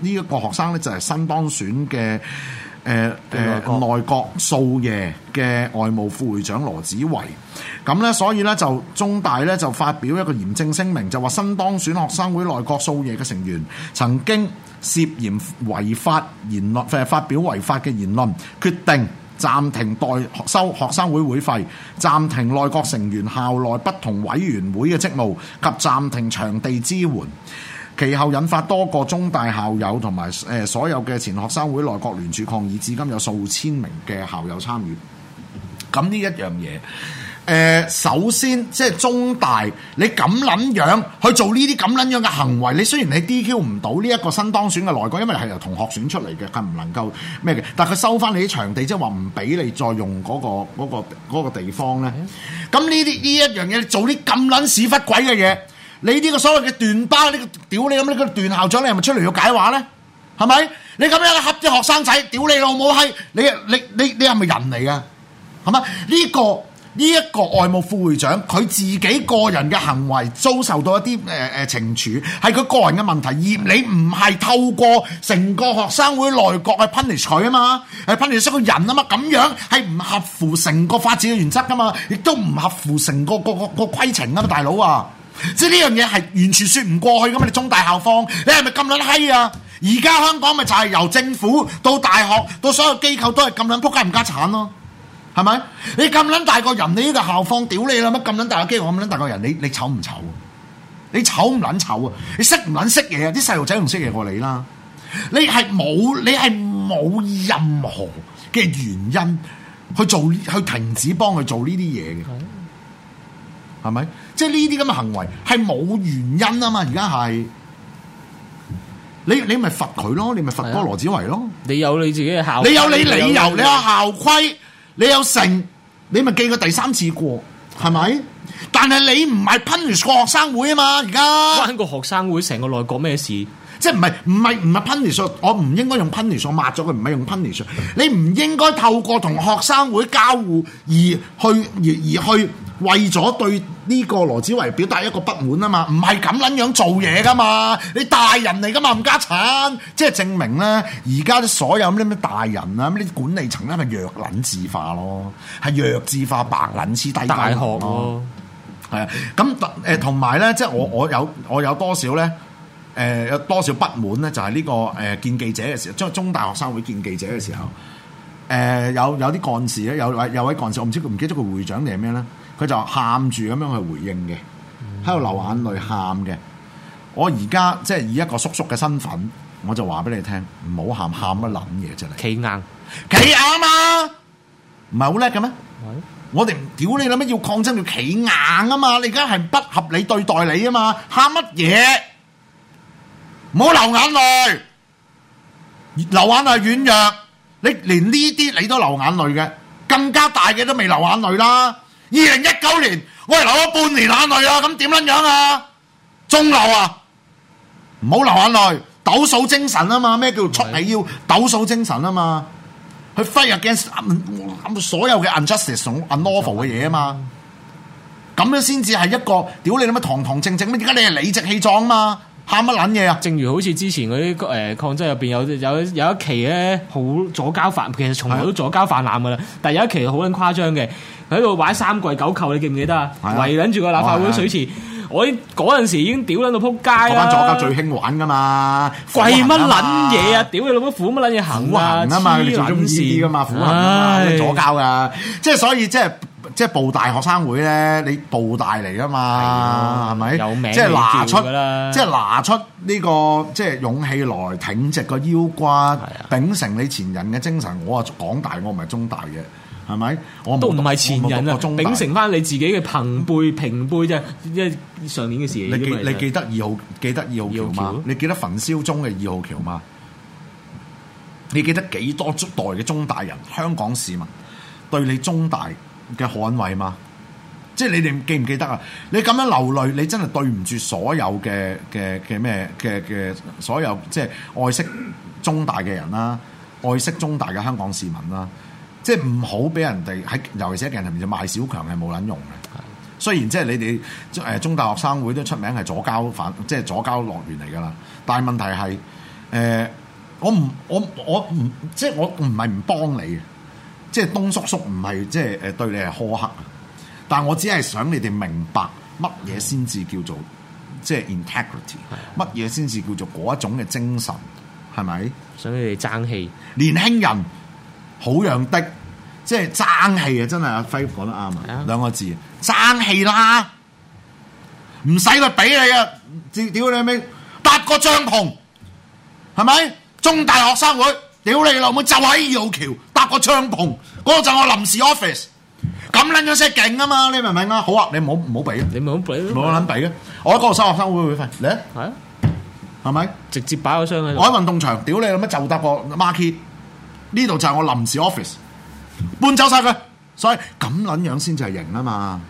呢一個學生呢，就係新當選嘅誒誒內閣掃夜嘅外務副會長羅子維。咁呢，所以呢，就中大呢就發表一個嚴正聲明，就話新當選學生會內閣掃夜嘅成員曾經涉嫌違法言論，誒發表違法嘅言論，決定。暫停代收學生會會費，暫停內閣成員校內不同委員會嘅職務，及暫停場地支援。其後引發多個中大校友同埋誒所有嘅前學生會內閣聯署抗議，至今有數千名嘅校友參與。咁呢一樣嘢。誒、呃，首先即係中大，你咁撚樣去做呢啲咁撚樣嘅行為，你雖然你 DQ 唔到呢一個新當選嘅內閣，因為係由同學選出嚟嘅，佢唔能夠咩嘅，但佢收翻你啲場地，即係話唔俾你再用嗰個嗰個嗰個地方咧。咁呢啲呢一樣嘢，做啲咁撚屎忽鬼嘅嘢，你呢個所謂嘅段巴，呢個屌你咁呢個段校長，你係咪出嚟要解話咧？係咪？你咁樣恰啲學生仔，屌你老母閪！你你你你係咪人嚟噶？係嘛？呢個。呢一個外務副會長，佢自己個人嘅行為遭受到一啲誒誒懲處，係、呃、佢、呃、個人嘅問題，而你唔係透過成個學生會內閣去 punish 佢啊嘛，係 punish 佢個人啊嘛，咁樣係唔合乎成個發展嘅原則噶嘛，亦都唔合乎成個個個個規程啊嘛，大佬啊，即係呢樣嘢係完全説唔過去噶嘛，你中大校方，你係咪咁撚閪啊？而家香港咪就係由政府到大學到所有機構都係咁撚撲街唔家產咯？係咪？你咁撚大個人，你呢個校方屌你啦！乜咁撚大個機我咁撚大個人，你你醜唔醜啊？你醜唔撚醜啊？你識唔撚識嘢啊？啲細路仔唔識嘢過你啦！你係冇，你係冇任何嘅原因去做，去停止幫佢做呢啲嘢嘅。係咪、哦？即係呢啲咁嘅行為係冇原因啊嘛！而家係你你咪罰佢咯，你咪罰個羅子維咯。你有你自己嘅校，你有你理由，你有校規。vaccinated 你有成，你咪記過第三次過，係咪？但係你唔係 punish 學生會啊嘛，而家關個學生會成個內閣咩事？即係唔係唔係唔係 punish 我唔應該用 punish 抹咗佢，唔係用 punish 你唔應該透過同學生會交互而去而而去。為咗對呢個羅子維表達一個不滿啊嘛，唔係咁撚樣做嘢噶嘛，你大人嚟噶嘛，冚家鏟，即係證明咧，而家啲所有咁啲咩大人啊，咩啲管理層咧係弱撚智化咯，係弱智化白撚痴低大學咯，係啊，咁誒同埋咧，即係我我有我有多少咧，誒、呃、有多少不滿咧，就係、是、呢、這個誒、呃、見記者嘅時候，即係中大學生會見記者嘅時候，誒、呃、有有啲幹事咧，有位有，有位幹事，我唔知佢唔記得個會長定係咩咧？佢就喊住咁樣去回應嘅，喺度、嗯、流眼淚喊嘅。我而家即係以一個叔叔嘅身份，我就話俾你聽，唔好喊，喊乜撚嘢啫。你企硬企硬啊，唔係好叻嘅咩？是我哋唔屌你諗乜要抗爭？要企硬啊嘛！你而家係不合理對待你啊嘛，喊乜嘢？唔好流眼淚，流眼淚軟弱。你連呢啲你都流眼淚嘅，更加大嘅都未流眼淚啦。二零一九年，我係流咗半年眼淚啊！咁點撚樣啊？中流啊！唔好流眼淚，抖擻精神啊嘛！咩叫出起腰？的抖擻精神啊嘛！去 fight against,、嗯、所有嘅 unjustness、unlawful 嘅嘢啊嘛！咁樣先至係一個，屌你啲乜堂堂正正乜？點解你係理直氣壯啊嘛！喊乜撚嘢啊？正如好似之前嗰啲誒抗爭入邊有有有一期咧，好左膠泛，其實從來都左膠泛濫噶啦，但係有一期好撚誇張嘅。喺度玩三跪九叩，你記唔記得啊？圍捻住個立法會水池，是是是我嗰陣時已經屌捻到扑街啦！班左膠最興玩噶嘛，跪乜捻嘢啊？屌你老母，苦乜捻嘢行？行啊嘛，你做中師噶嘛，苦行啊嘛，哎、左膠噶。即係所以，即係即係報大學生會咧，你報大嚟噶嘛，係咪？有名要照噶啦！即係拿出呢、這個即係勇氣來，挺直個腰骨，啊、秉承你前人嘅精神。我啊港大，我唔係中大嘅。係咪？是是我都唔係前人啊，秉承翻你自己嘅朋輩你平輩啫。一上年嘅事，你記你記得二號記得二號橋嘛？你記得焚燒中嘅二號橋嘛？你記得幾多代嘅中大人、香港市民對你中大嘅捍衛嘛？即係你哋記唔記得啊？你咁樣流淚，你真係對唔住所有嘅嘅嘅咩嘅嘅所有，即係愛惜中大嘅人啦，愛惜中大嘅香港市民啦。即係唔好俾人哋喺，尤其是喺鏡頭入面賣小強，係冇撚用嘅。雖然即係你哋誒中大學生會都出名係左膠反，即係左膠樂園嚟㗎啦。但係問題係誒、呃，我唔我我唔即係我唔係唔幫你嘅，即係東叔叔唔係即係誒對你係苛刻啊。但係我只係想你哋明白乜嘢先至叫做即係 integrity，乜嘢先至叫做嗰一種嘅精神，係咪？所以你哋爭氣，年輕人好樣的。即係爭氣啊！真係阿輝講得啱啊！兩個字爭氣啦，唔使佢俾你啊！屌你媽，搭個帳篷，係咪中大學生會？屌你老母，就喺二號橋搭個帳篷，嗰個就係我臨時 office，咁撚嘅西勁啊嘛！你明唔明啊？好啊，你唔好唔好俾啊！你唔好俾，冇撚俾嘅。我喺度收學生會會費嚟啊，係咪直接擺個箱喺？我喺運動場，屌你老母就搭個 market，呢度就係我臨時 office。搬走晒佢，所以咁捻樣先至係贏啊嘛！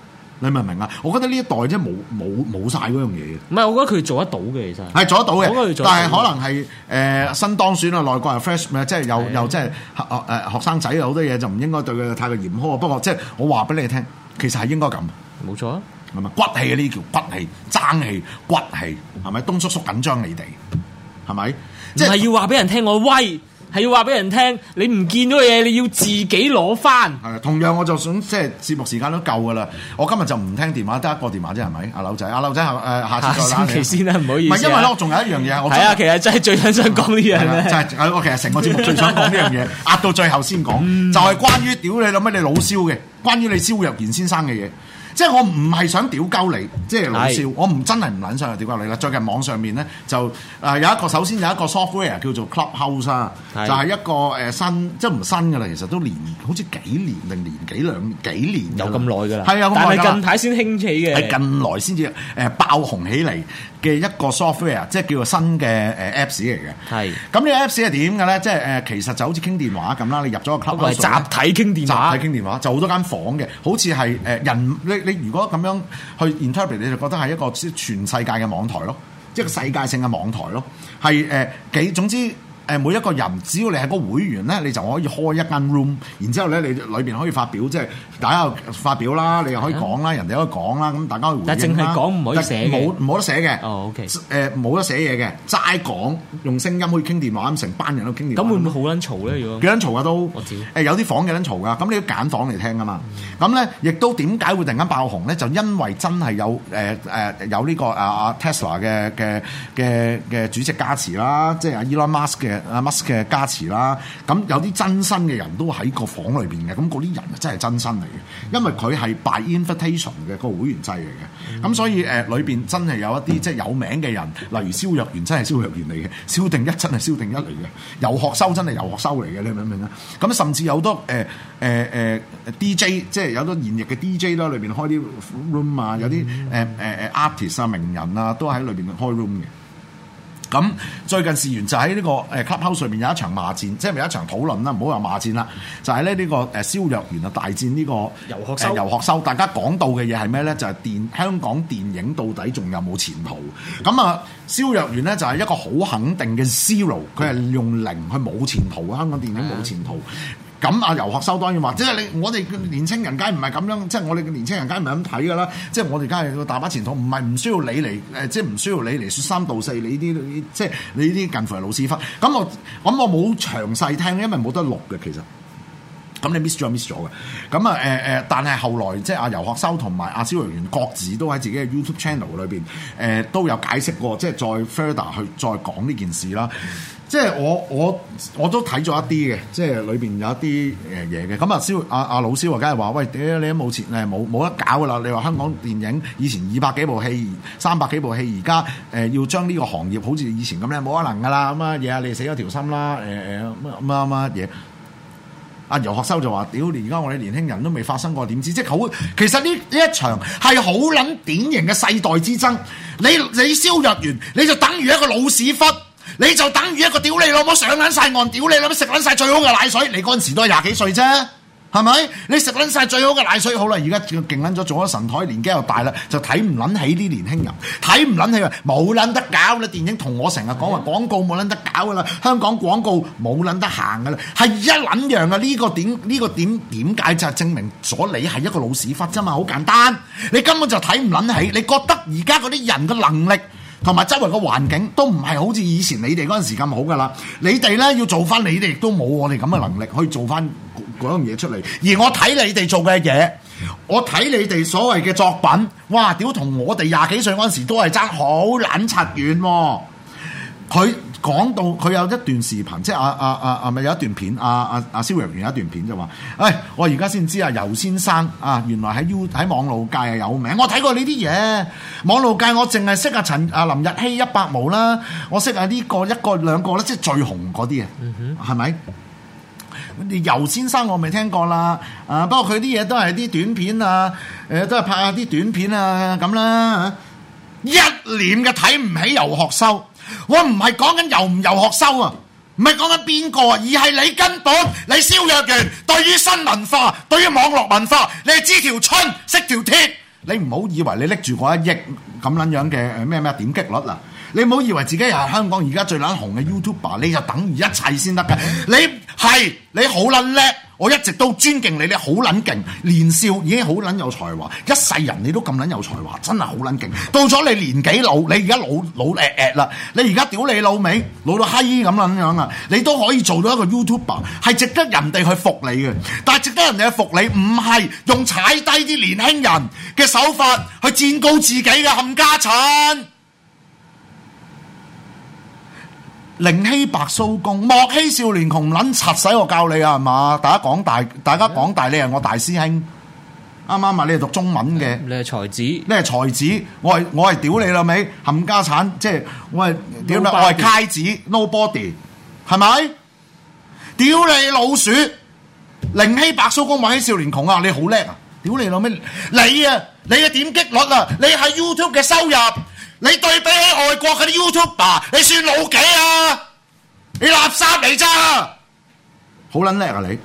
你明唔明啊？我覺得呢一代即係冇冇冇晒嗰樣嘢嘅。唔係，我覺得佢做得到嘅，其實係 做得到嘅。但係可能係誒、呃、新當選內 resh, 是啊，內閣又 fresh，唔係即係又又即係誒學生仔好多嘢就唔應該對佢太過嚴苛。不過即係我話俾你聽，其實係應該咁。冇錯錯啊是是，係咪骨氣啊？呢叫骨氣、爭氣、骨氣，係咪東叔叔緊張你哋？係咪？即係要話俾人聽我威。係要話俾人聽，你唔見到嘢，你要自己攞翻。係，同樣我就想即係節目時間都夠噶啦。我今日就唔聽電話，得一個電話啫，係咪？阿劉仔，阿劉仔，誒，下次再啦。先啦、啊，唔好意思、啊。因為咧，我仲有一樣嘢。我睇下、啊。其實真係最想想講呢樣嘢。就係、是、我其實成個節目最想講呢樣嘢，壓 到最後先講，嗯、就係關於屌你諗乜你老蕭嘅，關於你蕭若元先生嘅嘢。即係我唔係想屌鳩你，即係老少。是我唔真係唔撚想又屌鳩你啦。最近網上面咧就誒、呃、有一個，首先有一個 software 叫做 Clubhouse 啊是，就係一個誒新即係唔新㗎啦，其實都年好似幾年定年幾兩幾年有咁耐㗎啦。係啊，我但係近排先興起嘅，係近來先至誒爆紅起嚟。嘅一個 software，即係叫做新嘅誒 apps 嚟嘅。係是，咁呢個 apps 係點嘅咧？即係誒，其實就好似傾電話咁啦。你入咗個 club，係集體傾電話，集體傾電話就好多間房嘅，好似係誒人。你你如果咁樣去 interpret，你就覺得係一個全世界嘅網台咯，即係、嗯、個世界性嘅網台咯。係誒、呃，幾總之。誒每一個人，只要你係個會員咧，你就可以開一間 room，然之後咧，你裏邊可以發表，即係大家發表啦，你又可以講啦，人哋可以講啦，咁大家互。但係淨係講唔可以寫。冇冇得寫嘅。哦，OK。誒冇得寫嘢嘅，齋講，用聲音可以傾電話，咁成班人都傾電話。咁會唔會好撚嘈咧？如果幾撚嘈噶都。我知。誒有啲房幾撚嘈噶，咁你要揀房嚟聽㗎嘛。咁咧亦都點解會突然間爆紅咧？就因為真係有誒誒有呢個阿阿 Tesla 嘅嘅嘅嘅主席加持啦，即係阿 Elon Musk 嘅。阿 Musk 嘅加持啦，咁有啲真身嘅人都喺個房裏邊嘅，咁嗰啲人啊真係真身嚟嘅，因為佢係 by invitation 嘅個會員制嚟嘅，咁、mm hmm. 所以誒裏邊真係有一啲即係有名嘅人，例如蕭若元真係蕭若元嚟嘅，蕭定一真係蕭定一嚟嘅，游學修真係游學修嚟嘅，你明唔明啊？咁甚至有好多誒誒誒 DJ，即係有好多現役嘅 DJ 啦，裏邊開啲 room 啊，有啲誒誒誒 artist 啊、名人啊，都喺裏邊開 room 嘅。咁最近事緣就喺呢個誒 Clubhouse 上面有一場罵戰，即係咪有一場討論啦？唔好話罵戰啦，就係咧呢個誒蕭若元啊大戰呢個遊學遊學修，大家講到嘅嘢係咩咧？就係、是、電香港電影到底仲有冇前途？咁啊蕭若元咧就係一個好肯定嘅 zero，佢係用零去冇前途啊！香港電影冇前途。咁啊，游學修當然話，即係你我哋嘅年青人梗唔係咁樣，即係我哋嘅年青人梗唔係咁睇㗎啦。即係我哋梗係大把前途，唔係唔需要你嚟誒，即係唔需要你嚟説三道四，你啲即係你啲近乎係老師粉。咁我咁我冇詳細聽，因為冇得錄嘅其實。咁你 miss 咗 miss 咗嘅。咁啊誒誒，但係、呃、後來即係阿游學修同埋阿蕭若元各自都喺自己嘅 YouTube channel 裏邊誒都有解釋過，即係再 further 去再講呢件事啦。嗯即係我我我都睇咗一啲嘅，即係裏邊有一啲誒嘢嘅。咁、呃、啊，蕭阿阿老蕭話：梗係話，喂，你你冇錢，誒冇冇得搞噶啦！你話香港電影以前二百幾部戲、三百幾部戲，而家誒要將呢個行業好似以前咁咧，冇可能噶啦。咁啊嘢啊，你死咗條心啦！誒誒乜乜乜嘢？阿游學修就話：屌！而家我哋年輕人都未發生過點知。」即係好。其實呢呢一場係好撚典型嘅世代之爭。你你蕭若元，你就等於一個老屎忽。你就等於一個屌你老母上撚曬岸，屌你老母食撚曬最好嘅奶水。你嗰陣時都係廿幾歲啫，係咪？你食撚曬最好嘅奶水好啦，而家勁撚咗，做咗神台，年紀又大啦，就睇唔撚起啲年輕人，睇唔撚起啊！冇撚得搞啦，電影同我成日講話廣告冇撚得搞噶啦，香港廣告冇撚得行噶啦，係一撚樣啊！呢個點呢個點點解就係證明咗你係一個老屎忽啫嘛？好簡單，你根本就睇唔撚起，你覺得而家嗰啲人嘅能力？同埋周圍個環境都唔係好似以前你哋嗰陣時咁好㗎啦，你哋呢要做翻你哋亦都冇我哋咁嘅能力去做翻嗰樣嘢出嚟，而我睇你哋做嘅嘢，我睇你哋所謂嘅作品，哇！屌同我哋廿幾歲嗰陣時都係爭好撚柒遠喎、啊。佢講到佢有一段視頻，即係阿阿阿阿咪有一段片，阿阿阿蕭若元有一段片就話：，誒、哎，我而家先知啊，游先生啊，原來喺 U 喺網絡界係有名，我睇過呢啲嘢。網絡界我淨係識阿陳阿林日曦一百毛啦，我識阿、這、呢個一個兩個咧，即係最紅嗰啲啊，係咪、嗯哼？你游先生我未聽過啦，啊不過佢啲嘢都係啲短片啊，誒都係拍下啲短片啊咁啦，一臉嘅睇唔起游學修。我唔係講緊游唔游學修啊，唔係講緊邊個啊，而係你根本你蕭若元對於新文化、對於網絡文化，你係知條春識條鐵。你唔好以為你拎住嗰一億咁撚樣嘅咩咩點擊率啊，你唔好以為自己係香港而家最撚紅嘅 YouTuber 你就等於一切先得㗎。你係你好撚叻。我一直都尊敬你，你好撚勁，年少已經好撚有才華，一世人你都咁撚有才華，真係好撚勁。到咗你年紀老，你而家老老叻叻啦，你而家屌你老味，老到閪咁撚樣啦，你都可以做到一個 YouTuber，係值得人哋去服你嘅。但係值得人哋去服你，唔係用踩低啲年輕人嘅手法去踐高自己嘅冚家鏟。寧欺白鬚公，莫欺少年窮。撚柒使我教你啊，係嘛？大家講大，大家講大，你係我大師兄，啱啱啊？你係讀中文嘅、嗯，你係才子，你係才子，嗯、我係我係屌你老味，冚家鏟，即係我係點我係啓子，nobody，係咪？屌你老鼠，寧欺白鬚公，莫欺少年窮啊！你好叻啊！屌你老味，你啊，你嘅點擊率啊，你係 YouTube 嘅收入。你對比起外國嗰啲 YouTuber，你算老幾啊？你垃圾嚟咋？好撚叻啊！你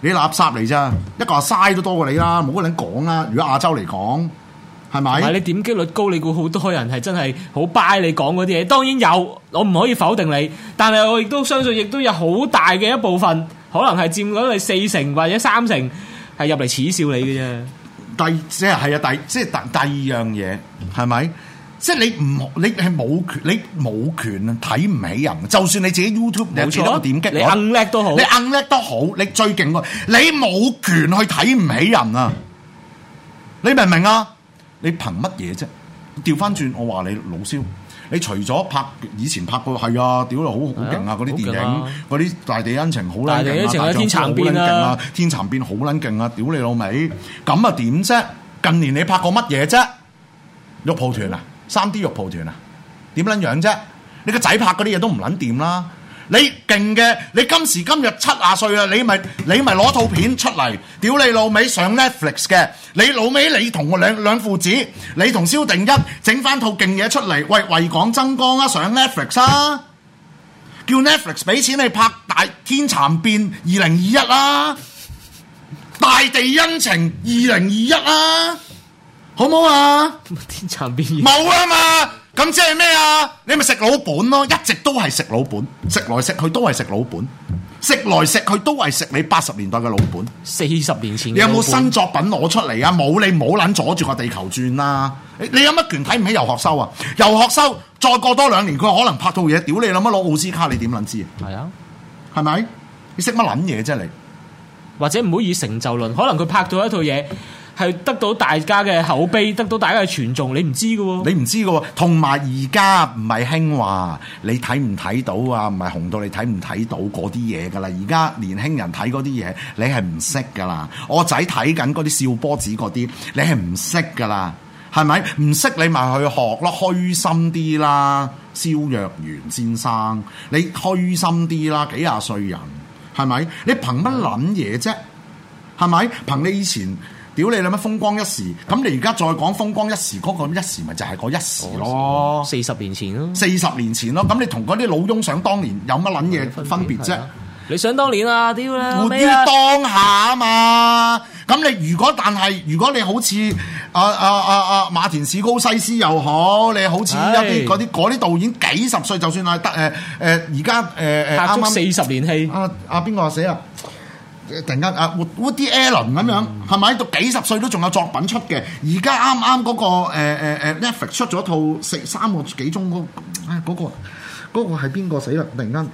你垃圾嚟咋？一個話嘥都多過你啦，冇嗰啲講啦。如果亞洲嚟講，係咪？係你點擊率高，你估好多人係真係好 buy 你講嗰啲嘢。當然有，我唔可以否定你，但係我亦都相信，亦都有好大嘅一部分，可能係佔咗你四成或者三成，係入嚟恥笑你嘅啫是。第即係係啊，第即係第第二樣嘢係咪？即係你唔你係冇權，你冇權啊睇唔起人，就算你自己 YouTube 你知幾多個點擊，錯的你硬叻都好，你叻都好，你最勁啊！你冇權去睇唔起人啊！你明唔明啊？你憑乜嘢啫？調翻轉我話你老蕭，你除咗拍以前拍過係啊，屌咯好好勁啊！嗰啲、啊、電影，嗰啲、啊、大地恩情好卵啊！地天蠶變啊，啊！天蠶變好卵勁啊！屌你老味。咁啊點啫？近年你拍過乜嘢啫？玉蒲團啊！ 三 D 肉蒲團啊，點撚樣啫？你個仔拍嗰啲嘢都唔撚掂啦！你勁嘅，你今時今日七啊歲啊，你咪你咪攞套片出嚟，屌你老味上 Netflix 嘅！你老味，你同我兩兩父子，你同蕭定一整翻套勁嘢出嚟，為為港增光啊！上 Netflix 啊！叫 Netflix 俾錢你拍大《大天蠶變》二零二一啦，《大地恩情》啊二零二一啦！好唔好啊？天蠶變？冇啊嘛！咁即係咩啊？你咪食老本咯，一直都係食老本，食來食去都係食老本，食來食去都係食你八十年代嘅老本，四十年前你有有、啊你啊。你有冇新作品攞出嚟啊？冇你冇撚阻住個地球轉啦！你有乜權睇唔起游學修啊？游學修再過多兩年佢可能拍套嘢，屌你諗乜攞奧斯卡你點捻知？係啊，係咪？你識乜捻嘢啫你？或者唔好以成就論，可能佢拍到一套嘢。係得到大家嘅口碑，得到大家嘅傳頌，你唔知嘅喎、哦，你唔知嘅喎，同埋而家唔係興話你睇唔睇到啊，唔係紅到你睇唔睇到嗰啲嘢噶啦。而家年輕人睇嗰啲嘢，你係唔識噶啦。我仔睇緊嗰啲笑波子嗰啲，你係唔識噶啦，係咪唔識你咪去學咯？虛心啲啦，蕭若元先生，你虛心啲啦，幾廿歲人係咪？你憑乜諗嘢啫？係咪憑你以前？屌你諗乜風光一時？咁你而家再講風光一時嗰、嗰個一時，咪就係嗰一時咯。四十，啊、四十年前咯，四十年前咯。咁你同嗰啲老翁想當年有乜撚嘢分別啫？別嗯、你想當年啊？屌啦、啊！活於當下啊嘛。咁你如果但係如果你好似阿阿阿阿馬田史高西斯又好，你好似一啲嗰啲啲導演幾十歲，就算係得誒誒而家誒誒啱啱四十年戲。啊啊邊個話死啊？啊啊突然間誒 Woody Allen 咁樣，係咪到幾十歲都仲有作品出嘅？而家啱啱嗰個誒誒 Netflix 出咗套四三個幾鐘嗰唉嗰個嗰係邊個死啦？突然間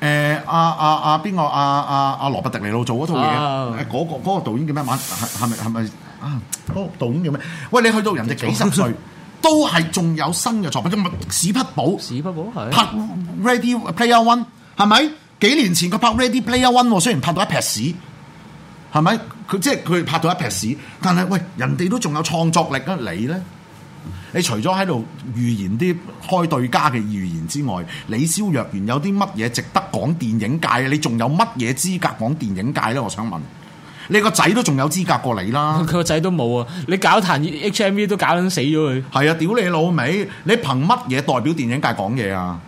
誒阿阿阿邊個阿阿阿羅伯迪尼路做嗰套嘢，嗰個嗰個導演叫咩名？係係咪係咪啊？嗰個導演叫咩？喂，你去到人哋幾十歲都係仲有新嘅作品，史匹堡史匹堡拍 Ready Player One 係咪？幾年前佢拍 Ready Player One 喎，雖然拍到一撇屎，係咪？佢即係佢拍到一撇屎，但係喂，人哋都仲有創作力啊！你咧，你除咗喺度預言啲開對家嘅預言之外，你蕭若元有啲乜嘢值得講電影界、啊，你仲有乜嘢資格講電影界咧、啊？我想問，你個仔都仲有資格過你啦、啊？佢個仔都冇啊！你搞壇 H M V 都搞到死咗佢。係啊！屌你老味，你憑乜嘢代表電影界講嘢啊？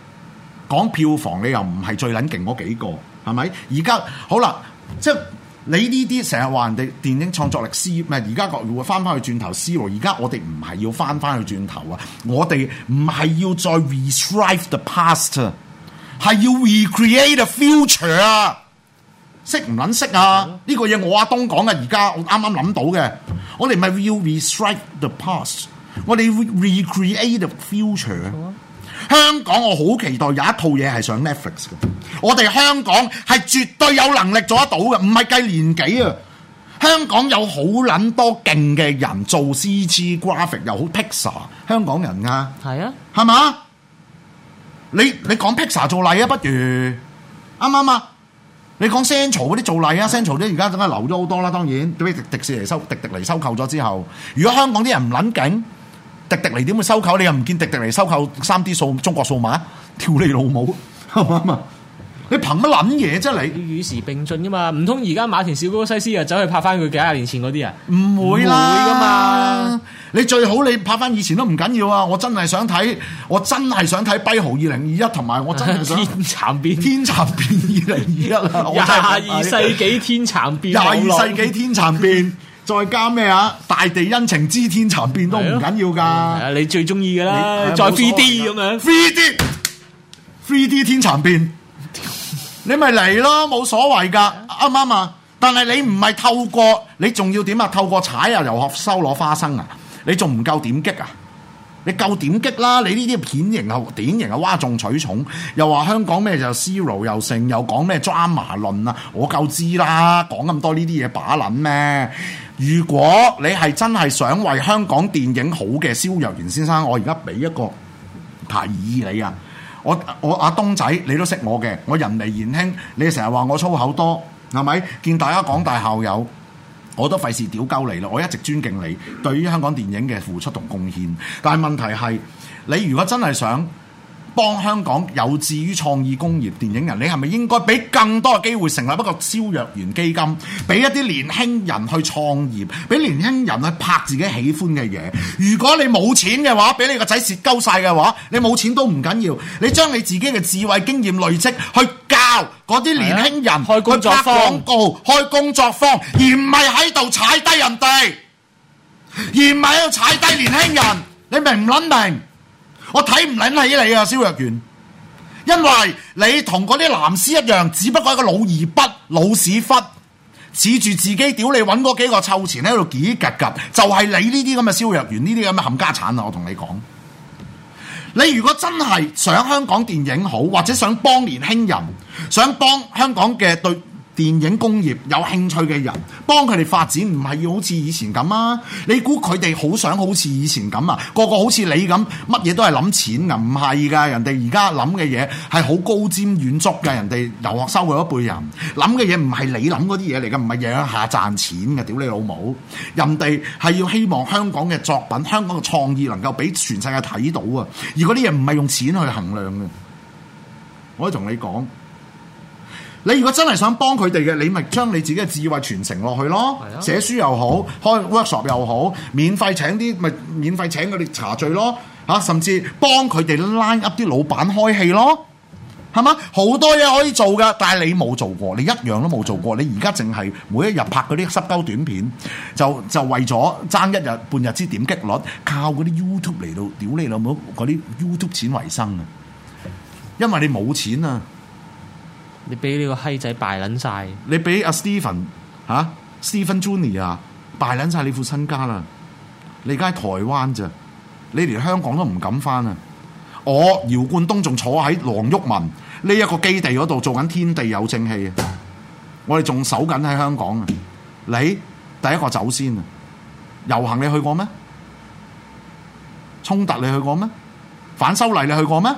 講票房你又唔係最撚勁嗰幾個，係咪？而家好啦，即係你呢啲成日話人哋電影創作力衰，唔係而家個會翻翻去轉頭衰喎。而家我哋唔係要翻翻去轉頭啊，我哋唔係要再 retrieve the past，係要 recreate the future 啊！識唔撚識啊？呢個嘢我阿東講啊，而家我啱啱諗到嘅，我哋唔係要 retrieve the past，我哋 recreate the future、啊。香港我好期待有一套嘢係上 Netflix 嘅，我哋香港係絕對有能力做得到嘅，唔係計年紀啊！香港有好撚多勁嘅人做 CG graphic 又好 Pixar，香港人啊，係啊，係嘛？你你講 Pixar 做例啊，不如啱唔啱啊？你講 Central 嗰啲做例啊，Central 啲而家梗係留咗好多啦，當然俾迪迪士尼收迪迪尼收購咗之後，如果香港啲人唔撚勁。迪迪尼點會收購？你又唔見迪迪尼收購三 D 數中國數碼？跳你老母！啱啱啊？你憑乜撚嘢啫你？與時並進噶嘛？唔通而家馬田小高西斯又走去拍翻佢幾廿年前嗰啲啊？唔會，會噶嘛！你最好你拍翻以前都唔緊要啊！我真係想睇，我真係想睇《跛豪》二零二一，同埋我真係想《想 天蠶變》天蠶變啊，《天蠶變，變》二零二一廿二世紀《天蠶變》廿二世紀《天蠶變》。再加咩啊？大地恩情之天蠶變都唔緊要噶。的你最中意嘅啦，你再 3D 咁樣 3D，3D 天蠶變， 你咪嚟咯，冇所謂噶，啱唔啱啊？但係你唔係透過，你仲要點啊？透過踩啊遊客收攞花生啊？你仲唔夠點擊啊？你夠點擊啦、啊！你呢啲片型啊，典型嘅，嘩眾取寵，又話香港咩就 zero 又剩，又講咩 drama 論啊？我夠知啦，講咁多呢啲嘢把捻咩？如果你係真係想為香港電影好嘅蕭若元先生，我而家俾一個提議你啊！我我阿東仔，你都識我嘅，我人微言輕，你成日話我粗口多，係咪？見大家港大校友，我都費事屌鳩你啦！我一直尊敬你對於香港電影嘅付出同貢獻，但係問題係你如果真係想幫香港有志於創意工業電影人，你係咪應該俾更多嘅機會成立一個蕭若元基金，俾一啲年輕人去創業，俾年輕人去拍自己喜歡嘅嘢。如果你冇錢嘅話，俾你個仔蝕鳩晒嘅話，你冇錢都唔緊要，你將你自己嘅智慧經驗累積去教嗰啲年輕人、啊，開工作坊，去拍廣告，開工作坊，而唔係喺度踩低人哋，而唔係要踩低年輕人，你明唔撚明？我睇唔捻起你啊，蕭若元，因為你同嗰啲藍絲一樣，只不過係個老而不、老屎忽，恃住自己屌你揾嗰幾個臭錢喺度拮拮，就係、是、你呢啲咁嘅蕭若元呢啲咁嘅冚家產啦、啊！我同你講，你如果真係想香港電影好，或者想幫年輕人，想幫香港嘅對電影工業有興趣嘅人，幫佢哋發展唔係要好似以前咁啊！你估佢哋好想好似以前咁啊？個個好似你咁，乜嘢都係諗錢㗎、啊，唔係㗎！人哋而家諗嘅嘢係好高瞻遠矚㗎，人哋留學收過一輩人諗嘅嘢，唔係你諗嗰啲嘢嚟㗎，唔係日下賺錢㗎，屌你老母！人哋係要希望香港嘅作品、香港嘅創意能夠俾全世界睇到啊！而嗰啲嘢唔係用錢去衡量嘅，我可以同你講。你如果真係想幫佢哋嘅，你咪將你自己嘅智慧傳承落去咯。的寫書又好，開 workshop 又好，免費請啲咪免費請佢哋茶敍咯。嚇、啊，甚至幫佢哋 line up 啲老闆開戲咯。係嘛，好多嘢可以做噶，但係你冇做過，你一樣都冇做過。你而家淨係每一日拍嗰啲濕鳩短片，就就為咗爭一日半日之點擊率，靠嗰啲 YouTube 嚟到屌你老母嗰啲 YouTube 錢為生啊！因為你冇錢啊！你俾呢個閪仔敗撚晒，你俾阿 Steven 吓 Steven Junior 啊，敗撚晒你副身家啦！你在在而家喺台灣咋？你連香港都唔敢返啊！我姚冠東仲坐喺黃毓民呢一個基地嗰度做緊天地有正氣，我哋仲守緊喺香港啊！你第一個先走先啊！遊行你去過咩？衝突你去過咩？反修例你去過咩？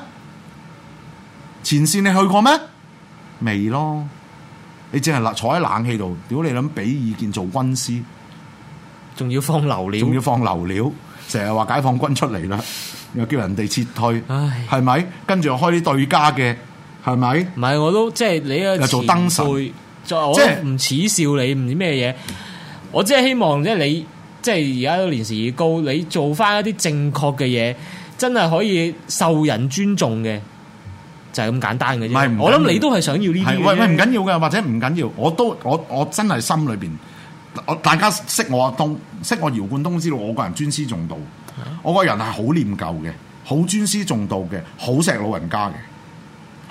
前線你去過咩？未咯，你淨係立坐喺冷氣度，屌你諗俾意見做軍師，仲要放流料，仲要放流料，成日話解放軍出嚟啦，又叫人哋撤退，係咪唉？跟住又開啲對家嘅，係咪？唔係我都即係你啊，做燈神，即係唔恥笑你，唔、就是、知咩嘢。我只係希望即係你，即係而家年時已高，你做翻一啲正確嘅嘢，真係可以受人尊重嘅。就係咁簡單嘅啫。唔係，我諗你都係想要呢啲嘅。喂喂，唔緊要嘅，或者唔緊要。我都我我真係心裏邊，我大家識我阿東，識我姚冠東，知道我個人尊師重道。啊、我個人係好念舊嘅，好尊師重道嘅，好錫老人家嘅，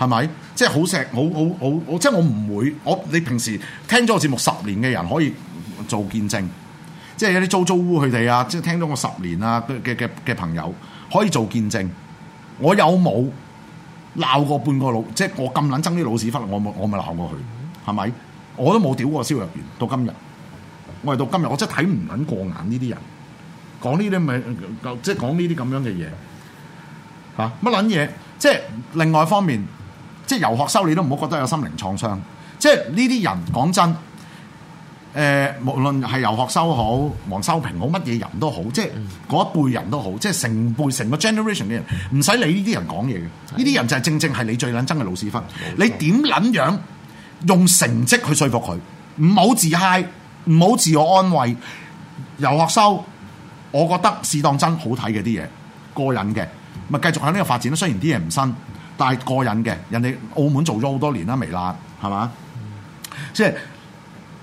係咪？即係好錫，好好好，即係我唔會。我你平時聽咗我節目十年嘅人可以做見證，即係有啲租租屋佢哋啊，即係聽咗我十年啊嘅嘅嘅朋友可以做見證。我有冇？鬧過半個老，即係我咁撚憎啲老屎忽，我冇我咪鬧過去，係咪？我都冇屌過蕭若元，到今日，我係到今日，我真係睇唔撚過眼呢啲人講呢啲咪，即係講呢啲咁樣嘅嘢嚇乜撚嘢？即係另外一方面，即係游學修，你都唔好覺得有心靈創傷。即係呢啲人講真。誒、呃，無論係遊學修好，黃修平好，乜嘢人都好，即係嗰一輩人都好，即係成輩成個 generation 嘅人，唔使理呢啲人講嘢嘅，呢啲的人就係正正係你最撚憎嘅老屎忽。錯你點撚樣，樣用成績去說服佢？唔好自嗨，唔好自我安慰。遊學修，我覺得試當真好睇嘅啲嘢，過癮嘅，咪繼續喺呢個發展啦。雖然啲嘢唔新，但係過癮嘅。人哋澳門做咗好多年啦，微辣，係嘛、嗯？即係。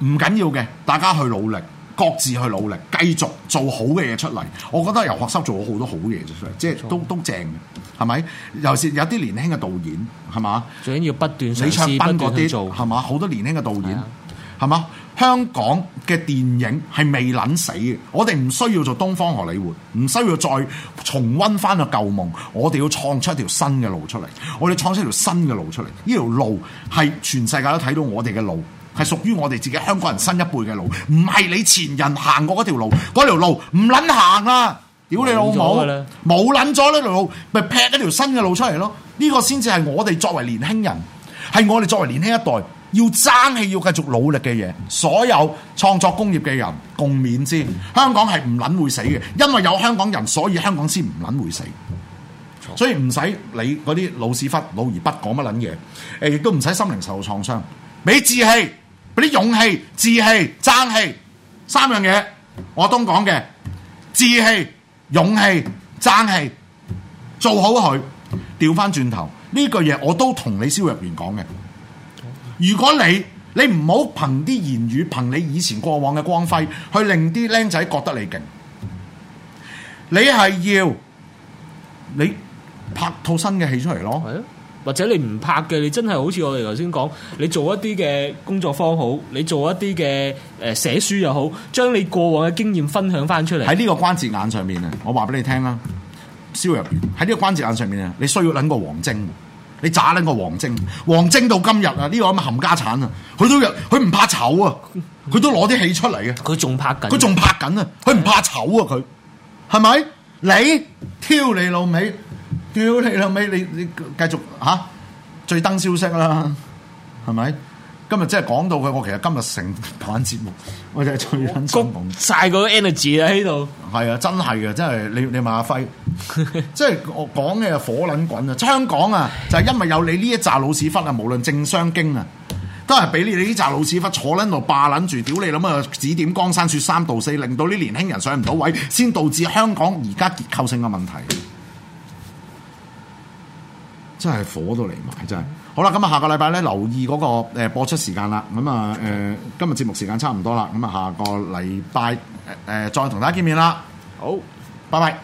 唔緊要嘅，大家去努力，各自去努力，繼續做好嘅嘢出嚟。我覺得由學生做咗好多好嘢出嚟，錯即係都都正嘅，係咪？尤其有啲年輕嘅導演，係嘛？最緊要不斷死撐不斷去做，係嘛？好多年輕嘅導演，係嘛的？香港嘅電影係未撚死嘅，我哋唔需要做東方荷里活，唔需要再重溫翻個舊夢，我哋要創出一條新嘅路出嚟，我哋創出一條新嘅路出嚟。呢條路係全世界都睇到我哋嘅路。係屬於我哋自己香港人新一輩嘅路，唔係你前人行過嗰條路，嗰條路唔撚行啦！屌你老母，冇撚咗呢條路，咪劈一條新嘅路出嚟咯！呢個先至係我哋作為年輕人，係我哋作為年輕一代要爭氣、要繼續努力嘅嘢。所有創作工業嘅人共勉之。香港係唔撚會死嘅，因為有香港人，所以香港先唔撚會死。所以唔使理嗰啲老屎忽、老而不講乜撚嘢，誒亦都唔使心靈受創傷，俾志氣。俾啲勇氣、志氣、爭氣三樣嘢，我都講嘅。志氣、勇氣、爭氣，做好佢。調翻轉頭呢句嘢，我都同你蕭若元講嘅。如果你你唔好憑啲言語，憑你以前過往嘅光輝，去令啲僆仔覺得你勁。你係要你拍套新嘅戲出嚟咯。或者你唔拍嘅，你真係好似我哋頭先講，你做一啲嘅工作坊好，你做一啲嘅誒寫書又好，將你過往嘅經驗分享翻出嚟。喺呢個關節眼上面啊，我話俾你聽啦，蕭若元喺呢個關節眼上面啊，你需要諗個王晶，你渣諗個王晶，王晶到今日啊，呢、呢個咁啊冚家產啊，佢都有，佢唔怕醜啊，佢都攞啲戲出嚟啊，佢仲 拍緊，佢仲對拍緊啊，佢唔怕醜啊，佢係咪？你挑你老味。屌你老尾，你你繼續吓、啊，最登消息啦，係咪？今日即係講到佢，我其實今日成揀節目，我就係最揾上網曬嗰個 energy 喺度。係啊，真係啊，真係你你問阿輝，即係我講嘅火撚滾啊！香港啊，就係、是、因為有你呢一紮老屎忽啊，無論政商經啊，都係俾你哋呢一紮老屎忽坐撚度霸撚住，屌你老母啊！指點江山，説三道四，令到啲年輕人上唔到位，先導致香港而家結構性嘅問題。真係火到嚟埋，真係，好啦，咁啊下個禮拜咧留意嗰個誒播出時間啦，咁啊誒今日節目時間差唔多啦，咁啊下個禮拜誒誒再同大家見面啦，好，拜拜。